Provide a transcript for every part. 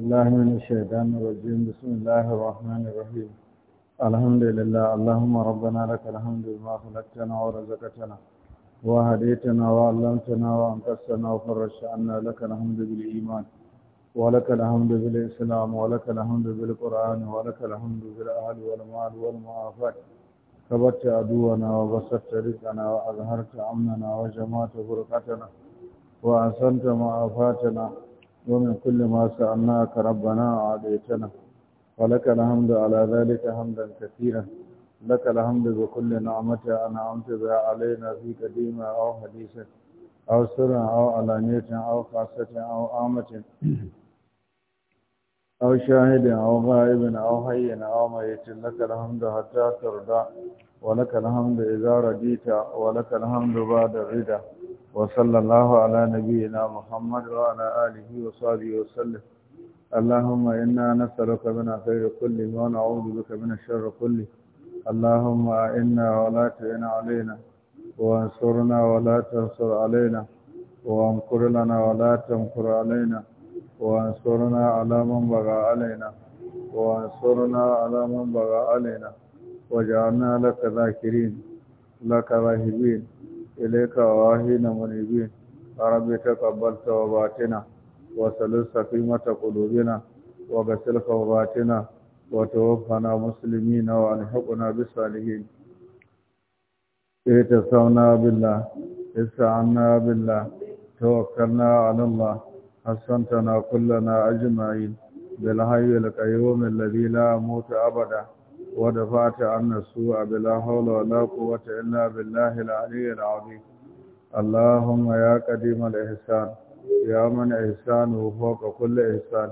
الله من الشيطان الرجيم بسم الله الرحمن الرحيم الحمد لله اللهم ربنا لك الحمد بما خلقتنا ورزقتنا وهديتنا وعلمتنا وأنقذتنا وفرجت عنا لك الحمد بالإيمان ولك الحمد بالإسلام ولك الحمد بالقرآن ولك الحمد بالأهل والمال والمعافاة كبت عدونا وبسطت رزقنا وأظهرت أمننا وجمعت برقتنا وأحسنت معافاتنا ومن كل ما سألناك ربنا عاديتنا ولك الحمد على ذلك حمدا كثيرا لك الحمد بكل نعمة أنعمت بها علينا في قديمة أو حديثة أو سرة أو علانية أو خاصة أو آمة أو شاهد أو غائب أو حي أو ميت لك الحمد حتى ترضى ولك الحمد إذا رضيت ولك الحمد بعد الرضا وصلى الله على نبينا محمد وعلى آله وصحبه وسلم اللهم إنا نسألك من خير كله ونعوذ بك من الشر كله اللهم إنا ولا تعن علينا وانصرنا ولا تنصر علينا وانكر لنا ولا تنكر علينا وانصرنا على من بغى علينا وانصرنا على من بغى علينا واجعلنا لك ذاكرين لك راهبين إليك واهين منيبين رب تقبل توباتنا وسلس قيمة قلوبنا وغسل خوباتنا وتوفنا مسلمين وألحقنا بالصالحين اتصونا بالله استعنا بالله توكلنا على الله حسنتنا كلنا أجمعين بالحي القيوم الذي لا موت أبداً ودفعت عنا السوء بلا حول ولا قوة إلا بالله العلي العظيم اللهم يا قديم الإحسان يا من إحسانه فوق كل إحسان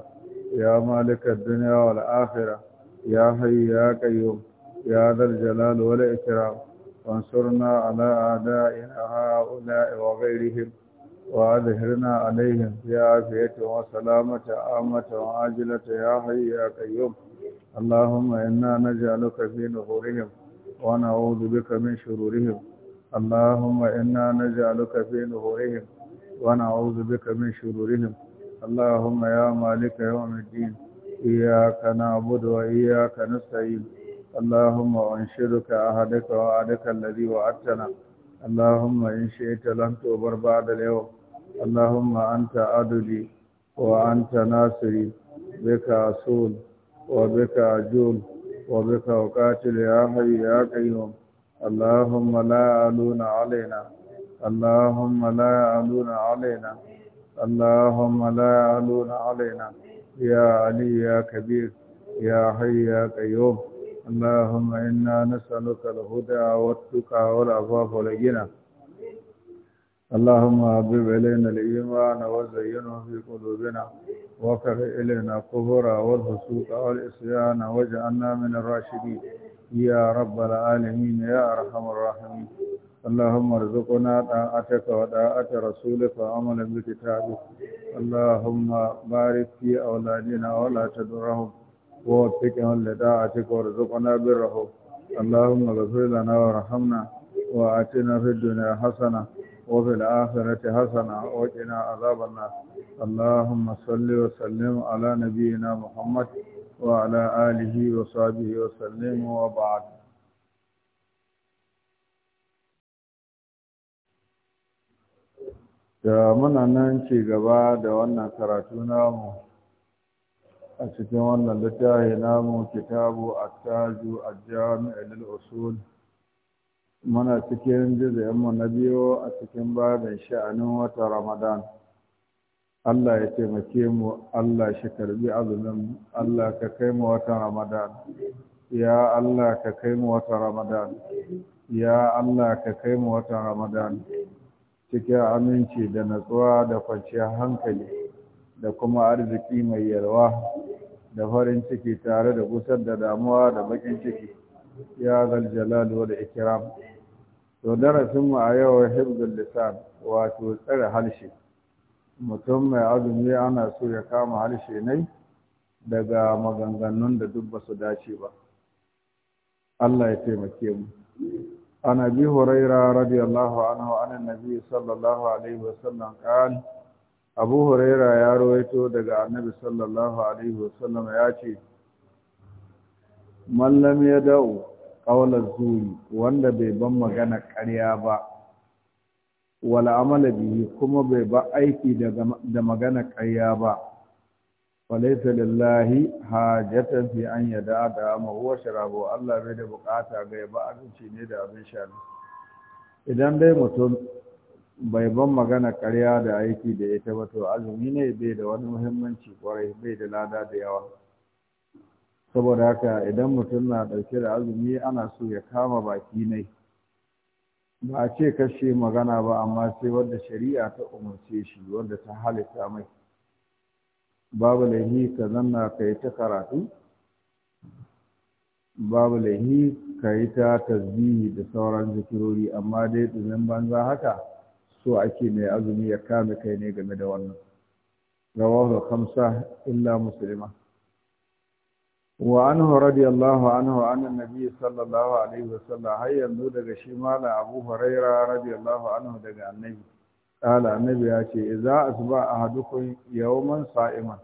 يا مالك الدنيا والآخرة يا حي يا قيوم يا ذا الجلال والإكرام وانصرنا على أعدائنا هؤلاء وغيرهم وأظهرنا عليهم في عافية وسلامة عامة وعاجلة يا حي يا قيوم اللهم إنا نجعلك في نحورهم ونعوذ بك من شرورهم اللهم إنا نجعلك في نحورهم ونعوذ بك من شرورهم اللهم يا مالك يوم الدين إياك نعبد وإياك نستعين اللهم أنشرك أهدك وعدك الذي وعدتنا اللهم إن شئت لن تؤبر بعد اليوم اللهم أنت عدلي وأنت ناصري بك أصول وبك أجول وبك أقاتل يا حي يا قيوم اللهم لا علون علينا اللهم لا علون علينا اللهم لا علون علينا يا علي يا كبير يا حي يا قيوم اللهم إنا نسألك الهدى والتقى والعفاف والغنى اللهم حبب إلينا الإيمان وزينه في قلوبنا وكره إلينا الكفر والفسوق والعصيان وجعلنا من الراشدين يا رب العالمين يا رحم الراحمين اللهم ارزقنا طاعتك وطاعة رسولك وعمل بكتابك اللهم بارك في أولادنا ولا تدرهم ووفقهم لطاعتك وارزقنا برهم اللهم اغفر لنا وارحمنا وآتنا في الدنيا حسنة وفي الآخرة حسنة وقنا عذاب النار اللهم صل وسلم على نبينا محمد وعلى آله وصحبه وسلم وبعد da muna nan ci gaba da wannan karatu namu a cikin wannan littafi namu kitabu at-taju al-jami' lil-usul muna cikin mu na biyu a cikin babin sha'anin wata ramadan Allah ya taimake mu Allah shi karbi azumin Allah ka kai mu wata ramadan ya Allah ka kai mu wata ramadan ya Allah ka kai mu wata ramadan cikin aminci da natsuwa da kwanciyar hankali da kuma arziki mai yalwa da farin ciki tare da kusan da damuwa da bakin ciki ya zal jalal wada ikram to darasinmu a yau hibdul Lissan, wato tsare harshe mutum mai azumi ana so ya kama harshe ne daga maganganun da duk ba su dace ba Allah ya taimake mu عن ابي هريره رضي الله عنه عن النبي صلى الله عليه وسلم قال ابو هريره يا رويتو daga annabi sallallahu alaihi wa sallam ya ce Mallam ya yad'u ƙaular zuri wanda bai ban magana ƙarya ba wala amala bihi kuma bai ba aiki da magana ƙarya ba falaisa lillahi hajatan fi an yada da ma huwa sharabu Allah bai da bukata ga ba abinci ne da abin sha idan dai mutum bai ban magana ƙarya da aiki da ita ba to azumi ne bai da wani muhimmanci kwarai bai da lada da yawa saboda haka idan mutum na ɗauke da azumi ana so ya kama baki ne ba a ce kashe magana ba amma sai wadda shari'a ta umarce shi wadda ta halitta mai babu laihi ka zanna ka yi ta karatu babu laihi ka yi ta tasbihi da sauran zikirori amma dai ɗumin banza haka so ake mai azumi ya kame kai ne game da wannan rawahu khamsa illa musulma وعنه رضي الله عنه عن النبي صلى الله عليه وسلم هيا نود daga shi malam Abu Huraira radiyallahu anhu daga annabi kala annabi ya ce idza asba ahadukum yawman sa'iman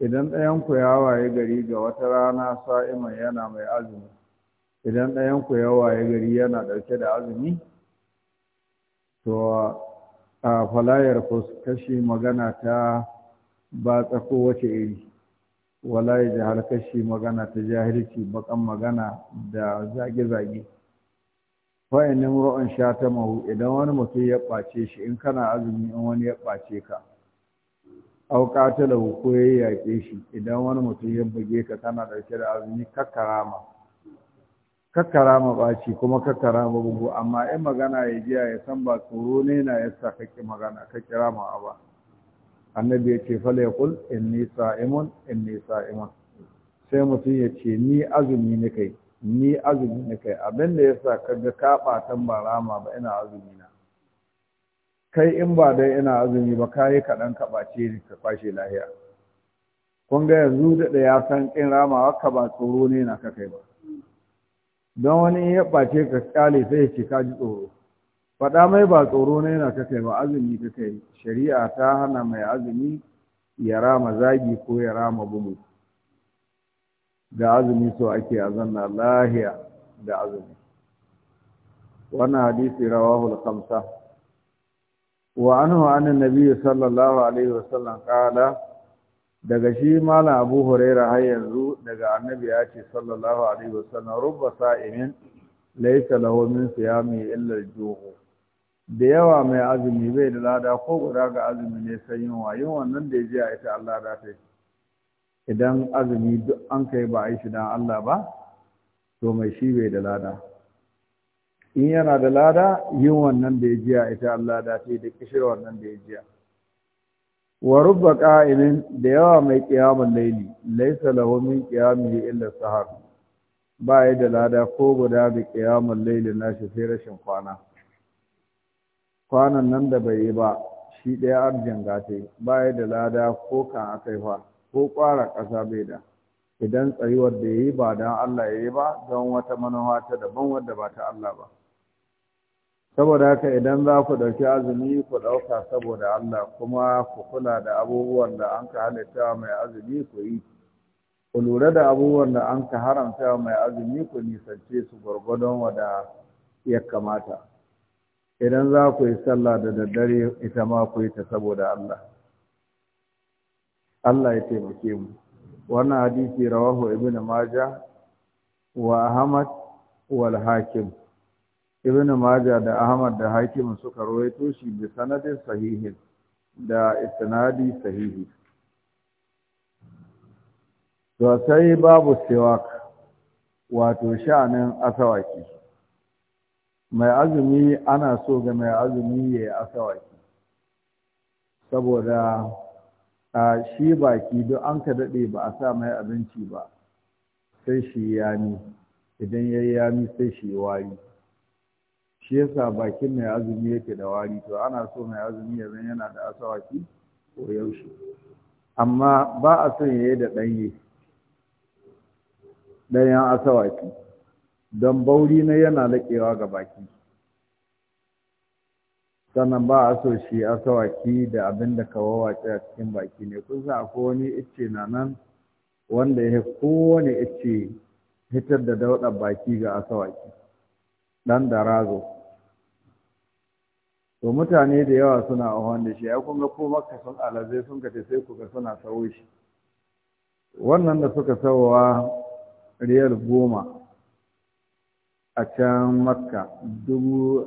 idan ɗayan ku ya waye gari ga wata rana sa'iman yana mai azumi idan ɗayan ku ya waye gari yana dauke da azumi to a falayar kashi magana ta ba tsako wace iri wala ya har kashi magana ta jahilci bakan magana da zage-zage fa'in nimro'in sha ta mahu idan wani mutum ya ɓace shi in kana azumi in wani ya ɓace ka ta da ko ya yaƙe shi idan wani mutum ya buge ka kana ɗauke da azumi kakkarama kakkarama ɓaci kuma kakkarama bugu amma in magana ya jiya ya san ba tsoro ne na yasa kake magana ka kira ma ba annabi ya ce fala ya kul inni sa'imun inni sa'imun sai mutum ya ce ni azumi ne kai ni azumi ne kai abin da yasa kaga ka ga ba rama ba ina azumi na kai in ba dai ina azumi ba kai kaɗan ka ɓace ni ka kwashe lahiya kun ga yanzu da ya san in ramawa ka ba tsoro ne na ka kai ba don wani ya ɓace ka kyale sai ya ce ka ji tsoro faɗa mai ba tsoro na yana ta kai ba azumi ta kai shari'a ta hana mai azumi ya rama zagi ko ya rama bugu da azumi so ake azanna lahiya da azumi wannan hadisi rawahul khamsa wa anhu anan nabi sallallahu alaihi wasallam qala daga shi malam abu huraira har yanzu daga annabi ya ce sallallahu alaihi wasallam rubba sa'imin laysa lahu min siyami illa al juhu da yawa mai azumi bai da lada ko guda ga azumi ne sai yunwa yunwan nan da ya je a ita Allah da ta idan azumi duk an kai ba a yi shi don Allah ba to mai shi bai da lada in yana da lada yunwan nan da ya je a ita Allah da ta da kishirwa nan da ya je wa rubba qa'imin da yawa mai qiyamul layli laysa lahu min qiyamihi illa sahar ba ya da lada ko guda da qiyamul layli nashi sai rashin kwana kwanan nan da bai yi ba shi ɗaya arjin ba ya da lada ko kan akai fa ko ƙwara ƙasa bai da idan tsayuwar da ya yi ba don Allah ya yi ba don wata manowa ta daban wadda ba ta Allah ba saboda haka idan za ku ɗauki azumi ku ɗauka saboda Allah kuma ku kula da abubuwan da an ka halitta mai azumi ku yi ku lura da abubuwan da an ka haramta mai azumi ku nisance su gwargwadon wada ya kamata idan za ku yi sallah da daddare ita ma ku yi ta saboda Allah Allah ya taimake mu wannan hadisi rawahu ibn maja wa ahmad wal hakim ibn maja da ahmad da hakim suka rawaito shi bi sanadin sahihin da isnadi sahihi to sai babu siwak wato sha'anin asawaki mai azumi ana so ga mai azumi ya yi asawaki saboda a shi baki duk an ka daɗe ba a sa mai abinci ba sai shi yami idan ya yi yami sai shi wari shi yasa bakin mai azumi yake da wari to ana so mai azumi ya zan yana da asawaki ko yaushe amma ba a son ya yi da ɗanye ɗanyen asawaki don bauri na yana laƙewa ga baki sannan ba a so shi asawaki da abin da ka a cikin baki ne kun sa akwai wani icce na nan wanda ya kowane icce hitar da dauɗa baki ga asawaki ɗan da rago to mutane da yawa suna a da shi ya kunga ko maka sun alazai sun ka sai kuka suna sawo shi wannan da suka sawowa riyal goma a can makka dubu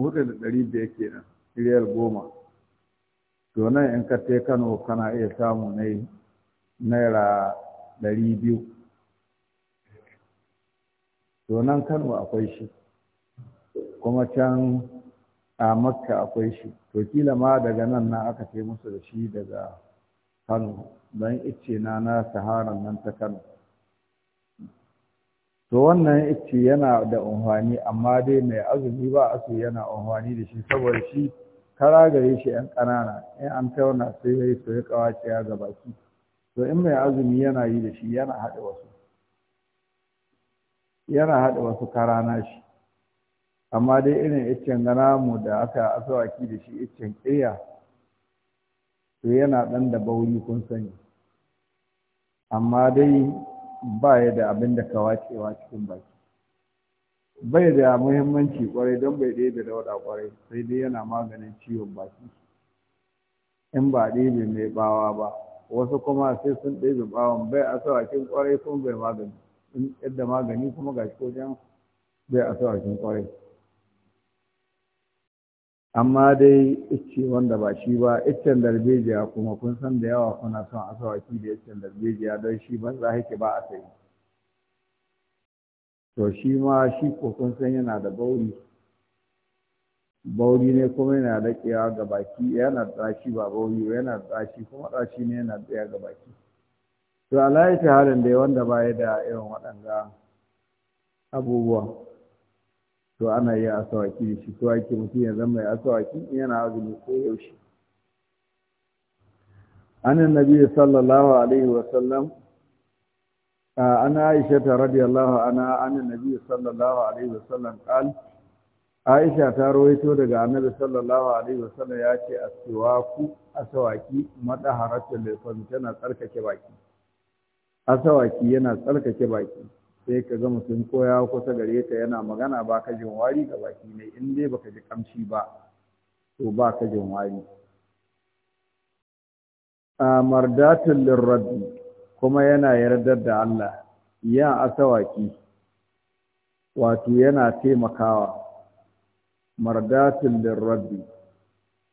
hudu da ɗari biyar kenan riyal goma to nan in ka kano kana iya samu na naira ɗari biyu to nan kano akwai shi kuma can a makka akwai shi to kila ma daga nan na aka ce musu da shi daga kano don ice na na saharan nan ta kano to wannan ice yana da unhwani amma dai mai azumi ba a so yana unhwani da shi saboda shi kara gare shi yan ƙanana in an tauna sai ya yi to ya kawace ya shi to in mai azumi yana yi da shi yana haɗa wasu yana haɗa wasu karana shi amma dai irin iccen mu da aka asawaki da shi iccen ƙirya to yana ɗan da bauri kun sani amma dai ba ya da abin da ka wacewa cikin baki bai da muhimmanci kwarai don bai ɗebe da wada kwarai sai dai yana maganin ciwon baki in ba ɗebe mai bawa ba wasu kuma sai sun ɗebe bawan bai a sawakin kwarai kuma bai magani in yadda magani kuma gashi ko jan bai a sawakin kwarai amma dai ice wanda ba shi ba iccen darbejiya kuma kun san da yawa kuna son a asawaki da iccen darbejiya don shi ban za yake ba a sai to shi ma shi ko kun san yana da bauri bauri ne kuma yana da kiyawa ga baki yana da tsashi ba bauri yana da tsashi kuma tsashi ne yana tsaya ga baki to alayhi ta halin da wanda ba ya da irin waɗanda abubuwa to ana yin asawaki da shi to ake mutum ya zama ya asawaki yana azumi ko yaushe an nabi sallallahu alaihi wa sallam ana aisha ta radiyallahu ana an nabi sallallahu alaihi wa sallam qal aisha ta rawaito daga annabi sallallahu alaihi wa sallam ya ce aswaku asawaki madaharatul lafam tana tsarkake baki asawaki yana tsarkake baki sai ka ga mutum ko ya kusa gare ka yana magana ba ka jin wari ga baki ne in dai baka ji kamshi ba to ba ka jin wari a mardatul lirrabi kuma yana yardar da Allah ya asawaki wato yana taimakawa mardatul lirrabi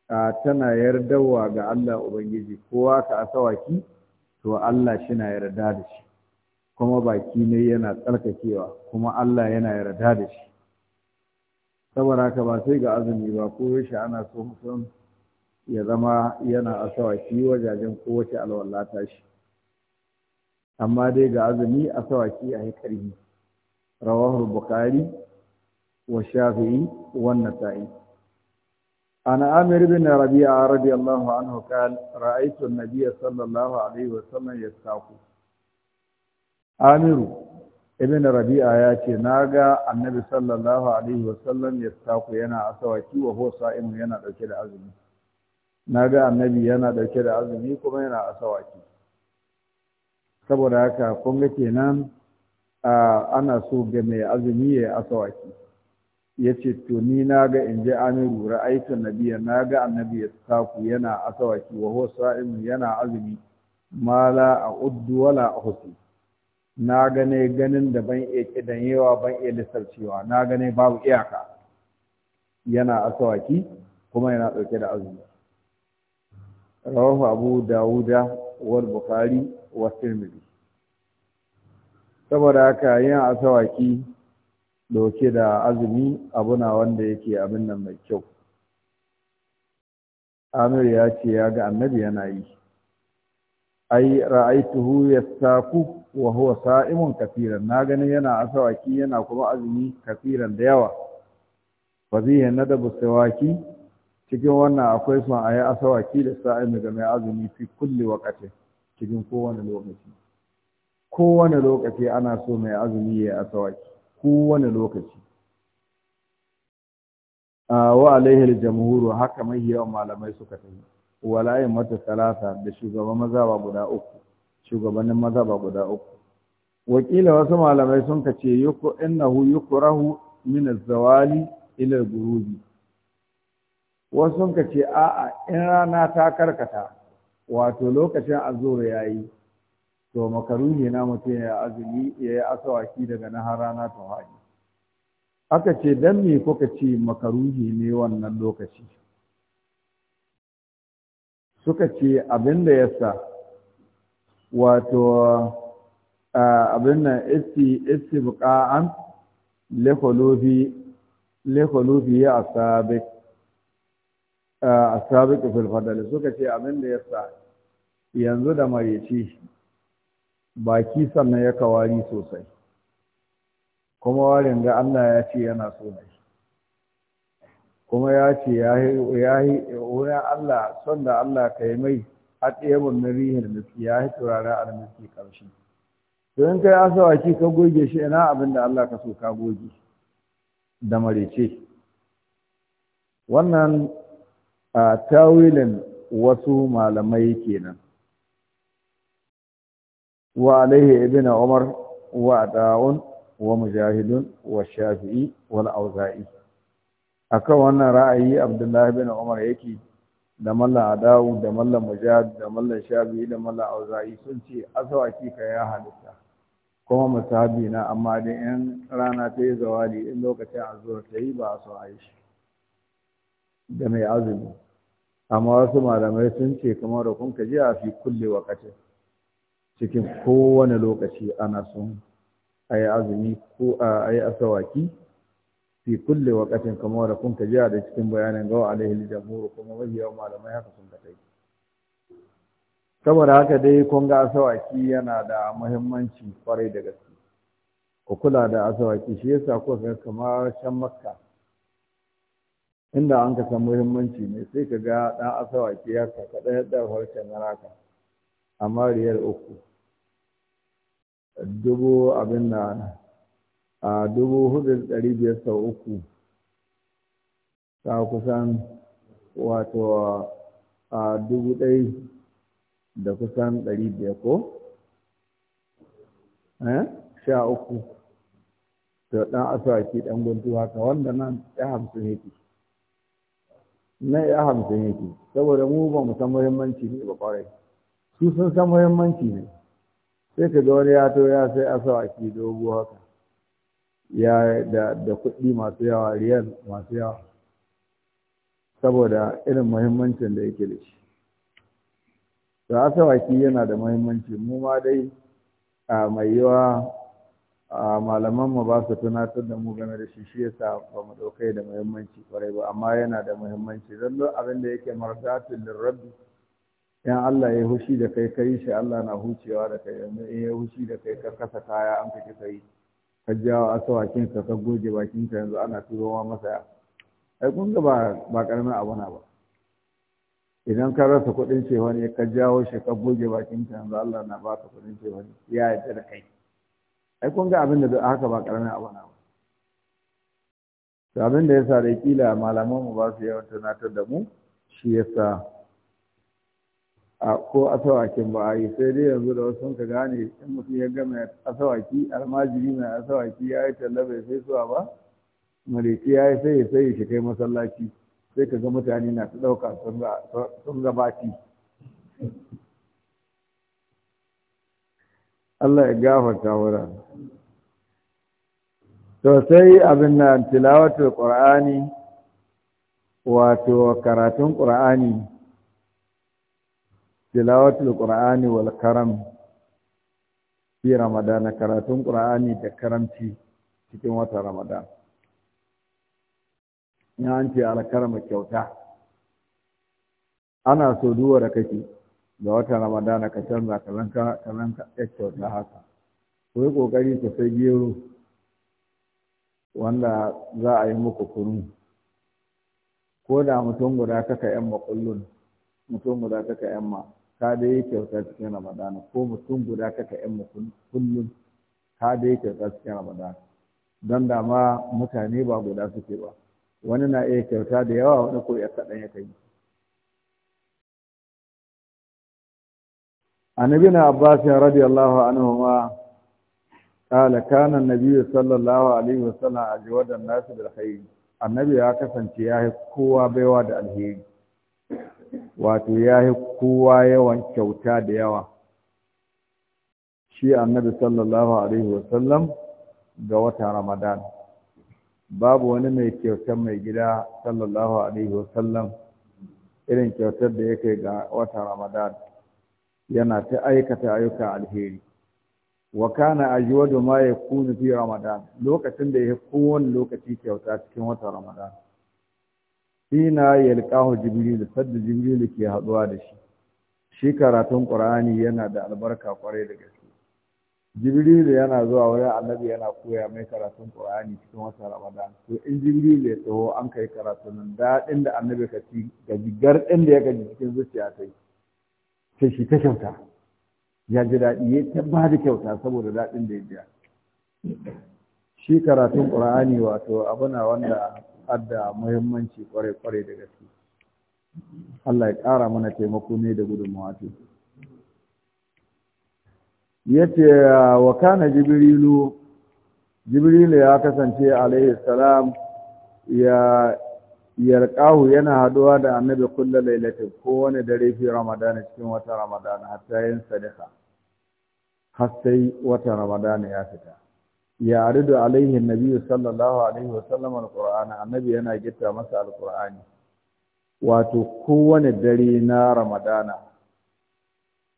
tana yardawa ga Allah ubangiji kowa ka asawaki to Allah shi na yarda da shi kuma baki ne yana tsarkakewa kuma Allah yana yarda da shi saboda haka ba sai ga azumi ba ko yaushe ana so mutum ya zama yana asawaki wajajen kowace alwala ta shi amma dai ga azumi asawaki a karfi rawahu bukhari wa shafi'i wa nasa'i عن عامر بن Rabi'a, رضي الله عنه قال رأيت النبي صلى الله عليه وسلم يستاقو amiru ibn rabi'a ya ce na ga annabi sallallahu alaihi wasallam ya saku yana asawaki wa huwa sa'imun yana dauke da azumi na ga annabi yana dauke da azumi kuma yana asawaki saboda haka kun ga kenan ana so ga mai azumi ya asawaki ya ce to ni na ga in ji amiru ra'aitu nabiya na ga annabi ya saku yana asawaki wa huwa sa'imun yana azumi mala a uddu wala a hukum. na gane ganin da ban iya yawa ban iya lissarcewa na gane babu iyaka yana asawaki kuma yana ɗauke da azumi rawahu abu dawuda wal bukhari wa tirmidhi saboda haka yin asawaki ɗauke da azumi abu na wanda yake abin nan mai kyau amir ya ce ya ga annabi yana yi ai ra'aituhu yastaku wa huwa sa'imun kafiran na ganin yana asawaki yana kuma azumi kafiran da yawa fa fihi nadabu sawaki cikin wannan akwai son ayi asawaki da sa'imi ga mai azumi fi kulli waqti cikin kowane lokaci kowane lokaci ana so mai azumi ya asawaki kowane lokaci ah, wa alaihi jamhuru haka mai yawan malamai suka tafi walayin mata salasa da shugaban mazaba guda uku shugabannin mazaba guda uku wakila wasu malamai sun ka ce yuku innahu yukrahu min az-zawali ila al wasu sun ka ce a'a in rana ta karkata wato lokacin azur yayi to makaruhi na mutum ya azumi ya yi asawaki daga na rana ta haɗi aka ce dan me kuka ce makaruhi ne wannan lokaci suka ce abin da ya sa wato abin nan isti buka'an lekolofi ya asabik asabik filfadali suka ce abin da ya sa yanzu da marici baki sannan ya kawari sosai kuma warin ga Allah ya ce yana so kuma ya ce ya yi wurin Allah son da Allah ka yi mai a ɗebin na rihin miski ya yi a miski ƙarshe to in kai asawaki ka goge shi ina abin da Allah ka so ka goge da marece wannan a tawilin wasu malamai kenan wa alaihi ibn umar wa da'un wa mujahidun wa shafi'i wal auza'i akan wannan ra'ayi abdullahi bin umar yake da mallan adawu da mallan mujahid da mallan shafi da mallan auza'i sun ce asawaki ka ya halitta kuma musabi na amma da yan rana ta yi zawali in lokacin azura ta yi ba a so a yi shi da mai azumi amma wasu malamai sun ce kamar da kun ka ji a fi kulle wakati cikin kowane lokaci ana son a yi azumi ko a yi asawaki fi kulle waqatin kamar da kun jiya da cikin bayanin gawa alaihi jamhur kuma mafi yawan malamai haka sun ka kai saboda haka dai kun ga asawaki yana da muhimmanci kwarai da gaske ku kula da asawaki shi yasa ku ga kamar can makka inda an ka san muhimmanci ne sai ka ga ɗan asawaki ya ka kaɗa da harshen naraka amma riyar uku dubu abin na a dubu hudu da ɗari biyar sau uku ta kusan wato a dubu ɗai da kusan ɗari biyar ko? Eh, sha uku to ɗan aswaki ɗan guntu haka wanda nan ya hamsin yake na ya hamsin yake saboda mu ba mu san muhimmanci ne ba kwarai su sun san muhimmanci ne sai ka ga wani ya to ya sai aswaki dogo haka ya da da kuɗi masu yawa riyal masu yawa saboda irin muhimmancin da yake da shi to asawaki yana da muhimmanci mu ma dai a mai yawa a malaman mu ba su tunatar da mu game da shi shi yasa ba mu ɗaukai da muhimmanci kwarai ba amma yana da muhimmanci don abin da yake mardatin rabbi, in Allah ya hushi da kai kai shi Allah na hucewa da kai in ya hushi da kai ka kasa kaya an kake kai ka jawo asawakin ka ka goge bakin ka yanzu ana wa masa ai kun ga ba ba karamin abu na ba idan ka rasa kuɗin ce wani, ka jawo shi ka goge bakin ka yanzu Allah na baka kuɗin ce wani, ya yarda da kai ai kun ga abin da haka ba karamin abu na ba to abin da yasa da kila malaman mu ba su yawan tunatar da mu shi yasa ko asawakin ba a yi sai dai yanzu da wasu ka gane in mutum ya gama asawaki almajiri mai asawaki ya yi talla bai sai suwa ba Maliki ya yi sai sai shi kai masallaci sai ka ga mutane na su ɗauka sun gabati Allah ya gafarta wura to sai abin nan tilawatul qur'ani wato karatun qur'ani tilawatul qur'ani wal karam fi ramadana karatun qur'ani da karamci cikin watan ramadan ya an ce al karama kyauta ana so duwa da kake da watan ramadana ka canza ka zanka ka zanka kyauta haka ku yi kokari ku sai gero wanda za a yi muku kunu ko da mutum guda kaka yan makullun mutum guda kaka yan ma ka da yi kyauta cikin ramadana ko mutum guda kaka yan kullum ka da yi kyauta cikin ramadana don da ma mutane ba guda suke ba wani na iya kyauta da yawa wani ko ya kaɗan ya kai annabi na abbas radiyallahu anhu ma قال Sallallahu alaihi صلى الله عليه وسلم أجود الناس بالخير annabi ya kasance ya kowa baiwa da alheri wato ya yi kowa yawan kyauta da yawa shi annabi sallallahu alaihi wasallam ga wata ramadan babu wani mai kyautar mai gida sallallahu alaihi wasallam irin kyautar da ya ga wata ramadan yana ta aikata ayyuka alheri wa kana ajwadu ma yakunu fi ramadan lokacin da ya kowane lokaci kyauta cikin wata ramadan hina yalqahu jibril sadda jibril ke haɗuwa da shi shi karatun qur'ani yana da albarka kwarai da gaske jibril yana zuwa wurin annabi yana koya mai karatun qur'ani cikin watan ramadan to in jibril ya taho an kai karatun nan dadin da annabi ka ci ga jigar din da ya gaji cikin zuciya kai sai shi ta kyauta ya ji daɗi ya ta da kyauta saboda daɗin da ya ji shi karatun qur'ani wato abuna wanda adda muhimmanci kware-kware da gaske Allah ya ƙara mana taimako ne da gudunmawa ce ya ce wa kana jibrilu jibrilu ya kasance alaihi salam ya yarkahu yana haduwa da annabi kulla lailatin wani dare fi ramadana cikin wata ramadana hatta yin sadaka har sai wata ramadana ya fita ya ridu alaihi nabi sallallahu alaihi wasallam alqur'ana annabi yana gitta masa alqur'ani wato kowane dare na ramadana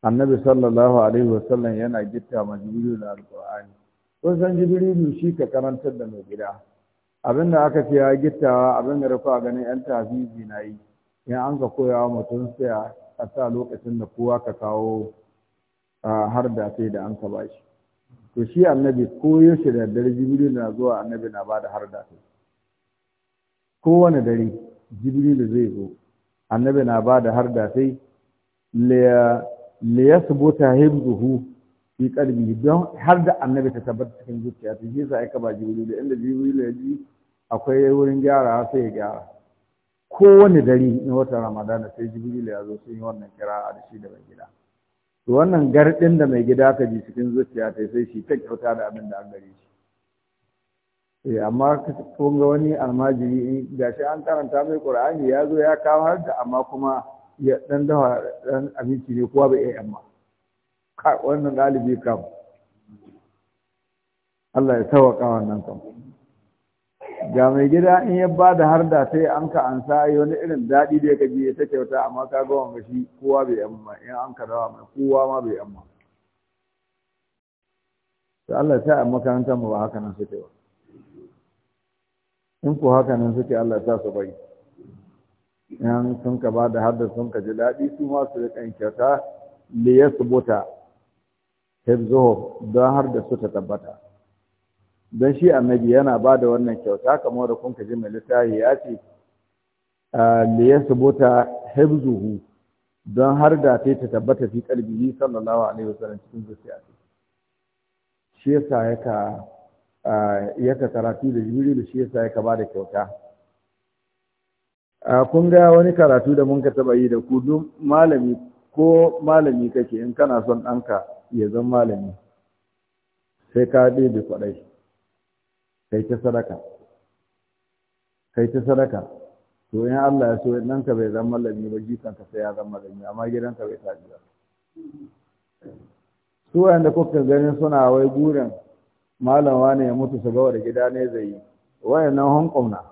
annabi sallallahu alaihi wasallam yana gitta ma jibrilu alqur'ani kun san jibrilu shi ka karantar da mai gida abinda aka ce ya gittawa abinda rufa ganin yan tafizi na yi in an ka koyawa mutum sai a sa lokacin da kowa ka kawo har da sai da an ka bashi to shi annabi ko yaushe da dare jibril na zuwa annabi na bada harda ta kowane dare jibril zai zo annabi na bada harda sai li yasbuta hibzuhu fi karbi don har da annabi ta tabbata cikin zuciya to shi yasa ka ba da inda jibril ya ji akwai wurin gyara sai ya gyara kowane dare na watan ramadana sai jibrilu ya zo sun yi wannan a da shi da gida to wannan garɗin da mai gida ka ji cikin zuciya ta sai shi ta kyauta da abin da an gari. shi eh amma kun ga wani almajiri shi an karanta mai qur'ani ya zo ya kawo har da amma kuma ya dan dawa dan abinci ne kowa bai iya amma wannan galibi kam Allah ya sauka wannan kam ga mai gida in ya ba da har da sai an ka ansa yi wani irin daɗi da ya gaji ta kyauta amma ka ga wa shi kowa bai amma, in an ka rawa mai kowa ma bai amma. Ta Allah ta a makarantar mu ba haka nan suke ba in ko haka nan suke Allah ta su bai. in sun ka ba da har da sun ka ji daɗi su ma su riƙa kyauta bota hibzuhu don har da su ta tabbata don shi annabi yana ba da wannan kyauta kamar da kun ji mai littafi ya ce li yasbuta hibzuhu don har da ta ta tabbata fi qalbihi sallallahu alaihi wasallam cikin zuciya shi yasa yaka yaka karatu da da shi yasa yaka ba da kyauta kun ga wani karatu da mun ka taba yi da ku duk malami ko malami kake in kana son ɗanka ya zama malami sai ka daidai kwaɗai kai ta sadaka kai ta sadaka to in Allah ya so in ka bai zama malami ba ka sai ya zama malami amma gidanka bai tafi ba su wanda kuka ganin suna wai burin malam ne ya mutu su gawar gida ne zai yi wayannan hankomna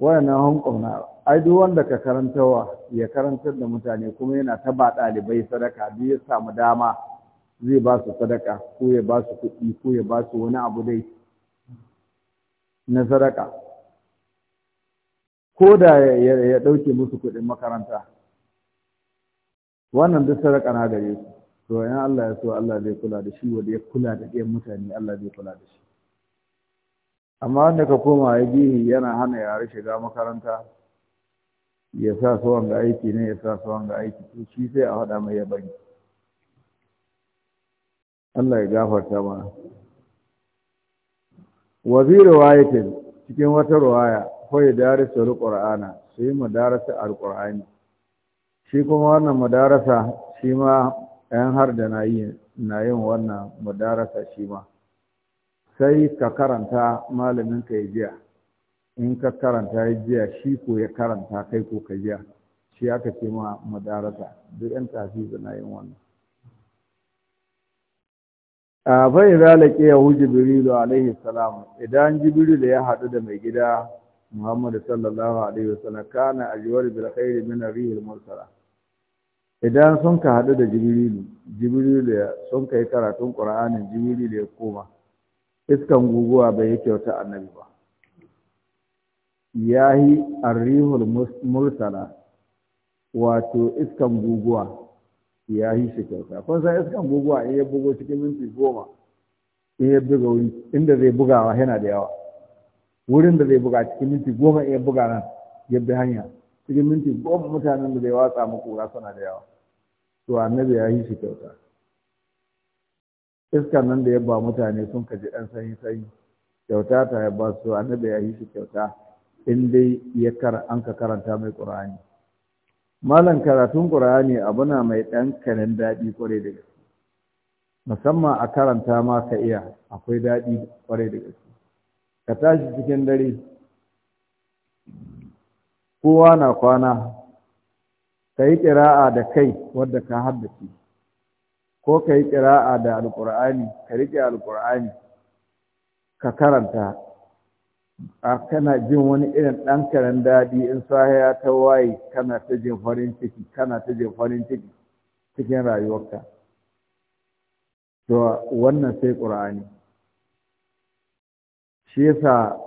wayannan hankomna ai duk wanda ka karantawa ya karantar da mutane kuma yana ta ba ɗalibai sadaka duk ya samu dama zai ba su sadaka ko ya ba su kuɗi ko ya ba su wani abu dai na sadaka ko da ya ɗauke musu kuɗin makaranta wannan duk sadaka na gare su to yan Allah ya so Allah zai kula da shi wanda ya kula da ɗayan mutane Allah zai kula da shi amma wanda ka koma ya gini yana hana yare shiga makaranta ya sa su wanga aiki ne ya sa su wanga aiki to shi sai a haɗa mai ya bari Allah ya gafarta mana wa bi cikin wata riwaya fa darasa alqur'ana su yi madarasa alqur'ani shi kuma wannan madarasa shi ma ɗan har da na yi yin wannan madarasa shi ma sai ka karanta malamin ka ya jiya in ka karanta ya jiya shi ko ya karanta kai ko ka jiya shi aka ce ma madarasa duk 'yan tafi na yin wannan fa idza yahu jibril alaihi salam idan da ya haɗu da mai gida muhammad sallallahu alaihi wasallam kana ajwar bil khair min rihil mursala idan sun ka haɗu da jibril ya sun kai karatun qur'anin da ya koma iskan guguwa bai yake kyauta annabi ba yahi arrihul mursala wato iskan guguwa ya yi shi kyauta kun san iskan buguwa in ya bugo cikin minti goma in ya buga wuri inda zai bugawa yana da yawa wurin da zai buga cikin minti goma in ya buga nan ya bi hanya cikin minti goma mutanen da zai watsa muku ra suna da yawa to annabi ya yi shi kyauta iskan nan da ya ba mutane sun kaji ɗan sanyi sanyi kyauta ta ya ba su annabi ya yi shi kyauta in dai ya kar an ka karanta mai ƙur'ani malam karatun ƙur'ani abu na mai ɗan kanin daɗi ƙwarai da gaske musamman a karanta ma ka iya akwai daɗi ƙwarai da gaske ka tashi cikin dare kowa na kwana ka yi ƙira'a da kai wadda ka haddace ko ka yi ƙira'a da alƙur'ani ka riƙe alƙur'ani ka karanta a kana jin wani irin ɗan karen daɗi in ya ta waye kana ta jin farin ciki kana ta jin farin ciki cikin rayuwarka to wannan sai ƙur'ani shi yasa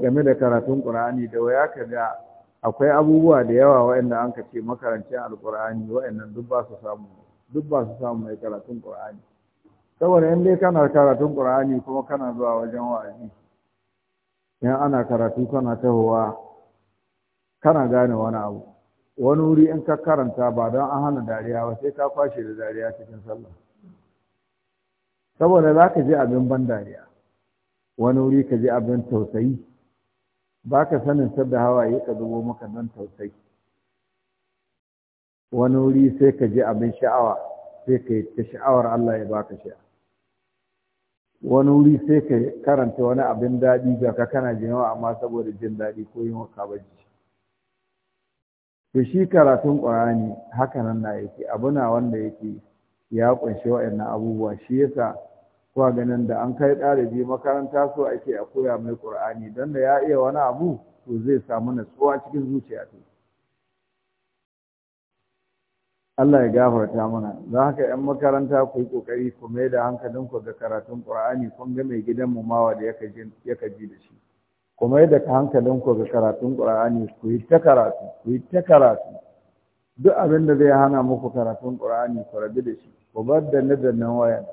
game da karatun ƙur'ani da waya ka ga akwai abubuwa da yawa waɗanda an ka ce makarancin alƙur'ani waɗannan duk ba su samu mai karatun ƙur'ani saboda in dai kana karatun ƙur'ani kuma kana zuwa wajen wa'azi in ana karatu kana tahowa kana gane wani abu wani wuri in ka karanta ba don an hana dariya ba sai ka kwashe da dariya cikin sallah saboda za ka je abin ban dariya wani wuri ka je abin tausayi ba ka sanin sadda hawaye ka zubo maka nan tausayi wani wuri sai ka je abin sha'awa sai ka yi ta sha'awar Allah ya baka sha'awa wani wuri sai ka karanta wani abin daɗi ga ka kana yawa, amma saboda jin daɗi ko yin waka to shi karatun ƙur'ani haka nan na yake abu na wanda yake ya ƙunshi waɗannan abubuwa shi yasa kuwa ganin da an kai ɗalibi makaranta so ake a koya mai ƙur'ani don da ya iya wani abu to zai samu natsuwa cikin zuciya ta Allah ya gafarta mana don haka 'yan makaranta ku yi ƙoƙari ku mai da ku ga karatun ƙur'ani kun ga mai mu mawa da ya kaji da shi ku mai da ku ga karatun ƙur'ani ku yi ta karatu ku yi ta karatu duk abin da zai hana muku karatun ƙur'ani ku rabu da shi ku bar da nadannan wayan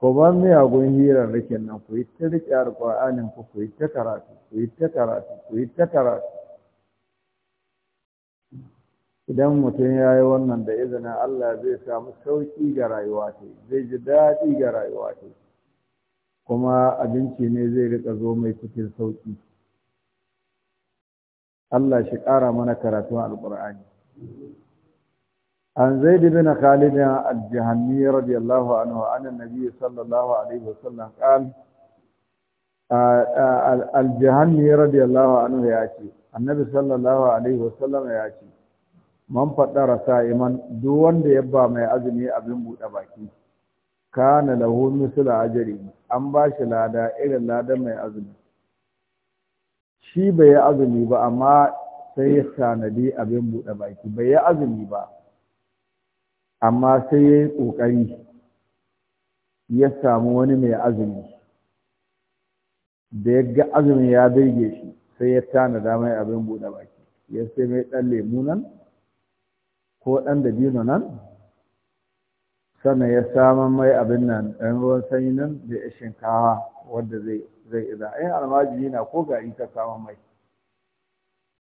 ku bar miyagun hirar rikin nan ku yi ta riƙe alƙur'anin ku ku yi ta karatu ku yi ta karatu ku yi ta karatu idan mutum ya yi wannan da izinin Allah zai samu sauƙi ga rayuwa ce zai ji daɗi ga rayuwa ce kuma abinci ne zai riƙa zo mai cikin sauƙi Allah shi ƙara mana karatun alƙur'ani an zai dibina na khalidin aljihanni radiyallahu anhu an nabi sallallahu alaihi wasallam qal aljihanni radiyallahu anhu ya ce annabi sallallahu alaihi wasallam ya ce man faɗara sa'iman duk wanda ya ba mai azumi abin buɗe baki kana lahu misla ajri an ba shi lada irin lada mai azumi shi bai yi azumi ba amma sai ya tanadi abin buɗe baki bai yi azumi ba amma sai ya yi ƙoƙari ya samu wani mai azumi da ya ga azumin ya birge shi sai ya tanada mai abin buɗe baki ya sai mai ɗan lemu nan ko ɗan da dabino nan sannan ya saman mai abin nan ɗan ruwan sanyi nan da ya shinkawa wadda zai zai iza in almajiri na ko gari ta saman mai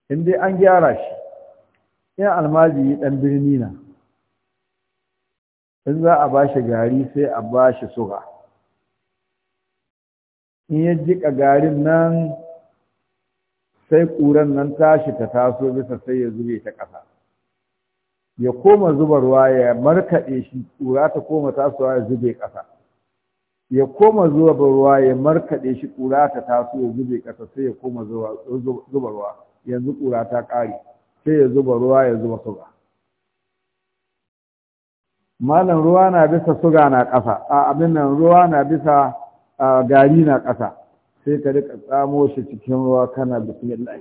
in dai an gyara shi in almajiri ɗan birni na in za a ba shi gari sai a ba shi suga in ya jika garin nan sai ƙuran nan tashi ta taso bisa sai ya zube ta ƙasa ya koma zuba ruwa ya markaɗe shi ƙura ta koma tasowa ya zube ƙasa ya koma zuba ruwa ya markaɗe shi ƙura ta taso ya zube ƙasa sai ya koma zuba ruwa yanzu ƙura ta ƙare sai ya zuba ruwa ya zuba suga malam ruwa na bisa suga na ƙasa a abin nan ruwa na bisa gari na ƙasa sai ka rika tsamo shi cikin ruwa kana bismillah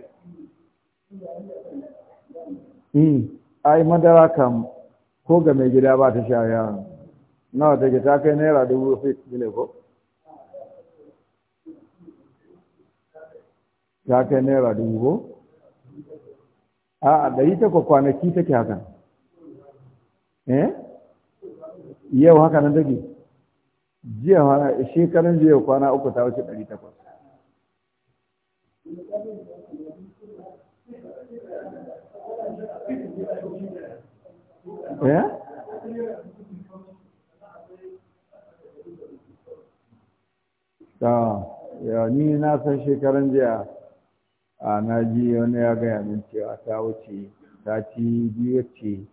hmm. ai madara kam ko ga mai gida ba ta sha yaron nawa wata ta kai naira dubu sai ko ta kai naira dubu ko a ɗari takwa kwanaki take haka eh yau haka nan take jiya shekarun jiya kwana uku ta wuce ɗari takwas Eh? ta ya ni na san shekaran jiya a naji wani ya gaya min cewa ta wuce ta ci biyu ce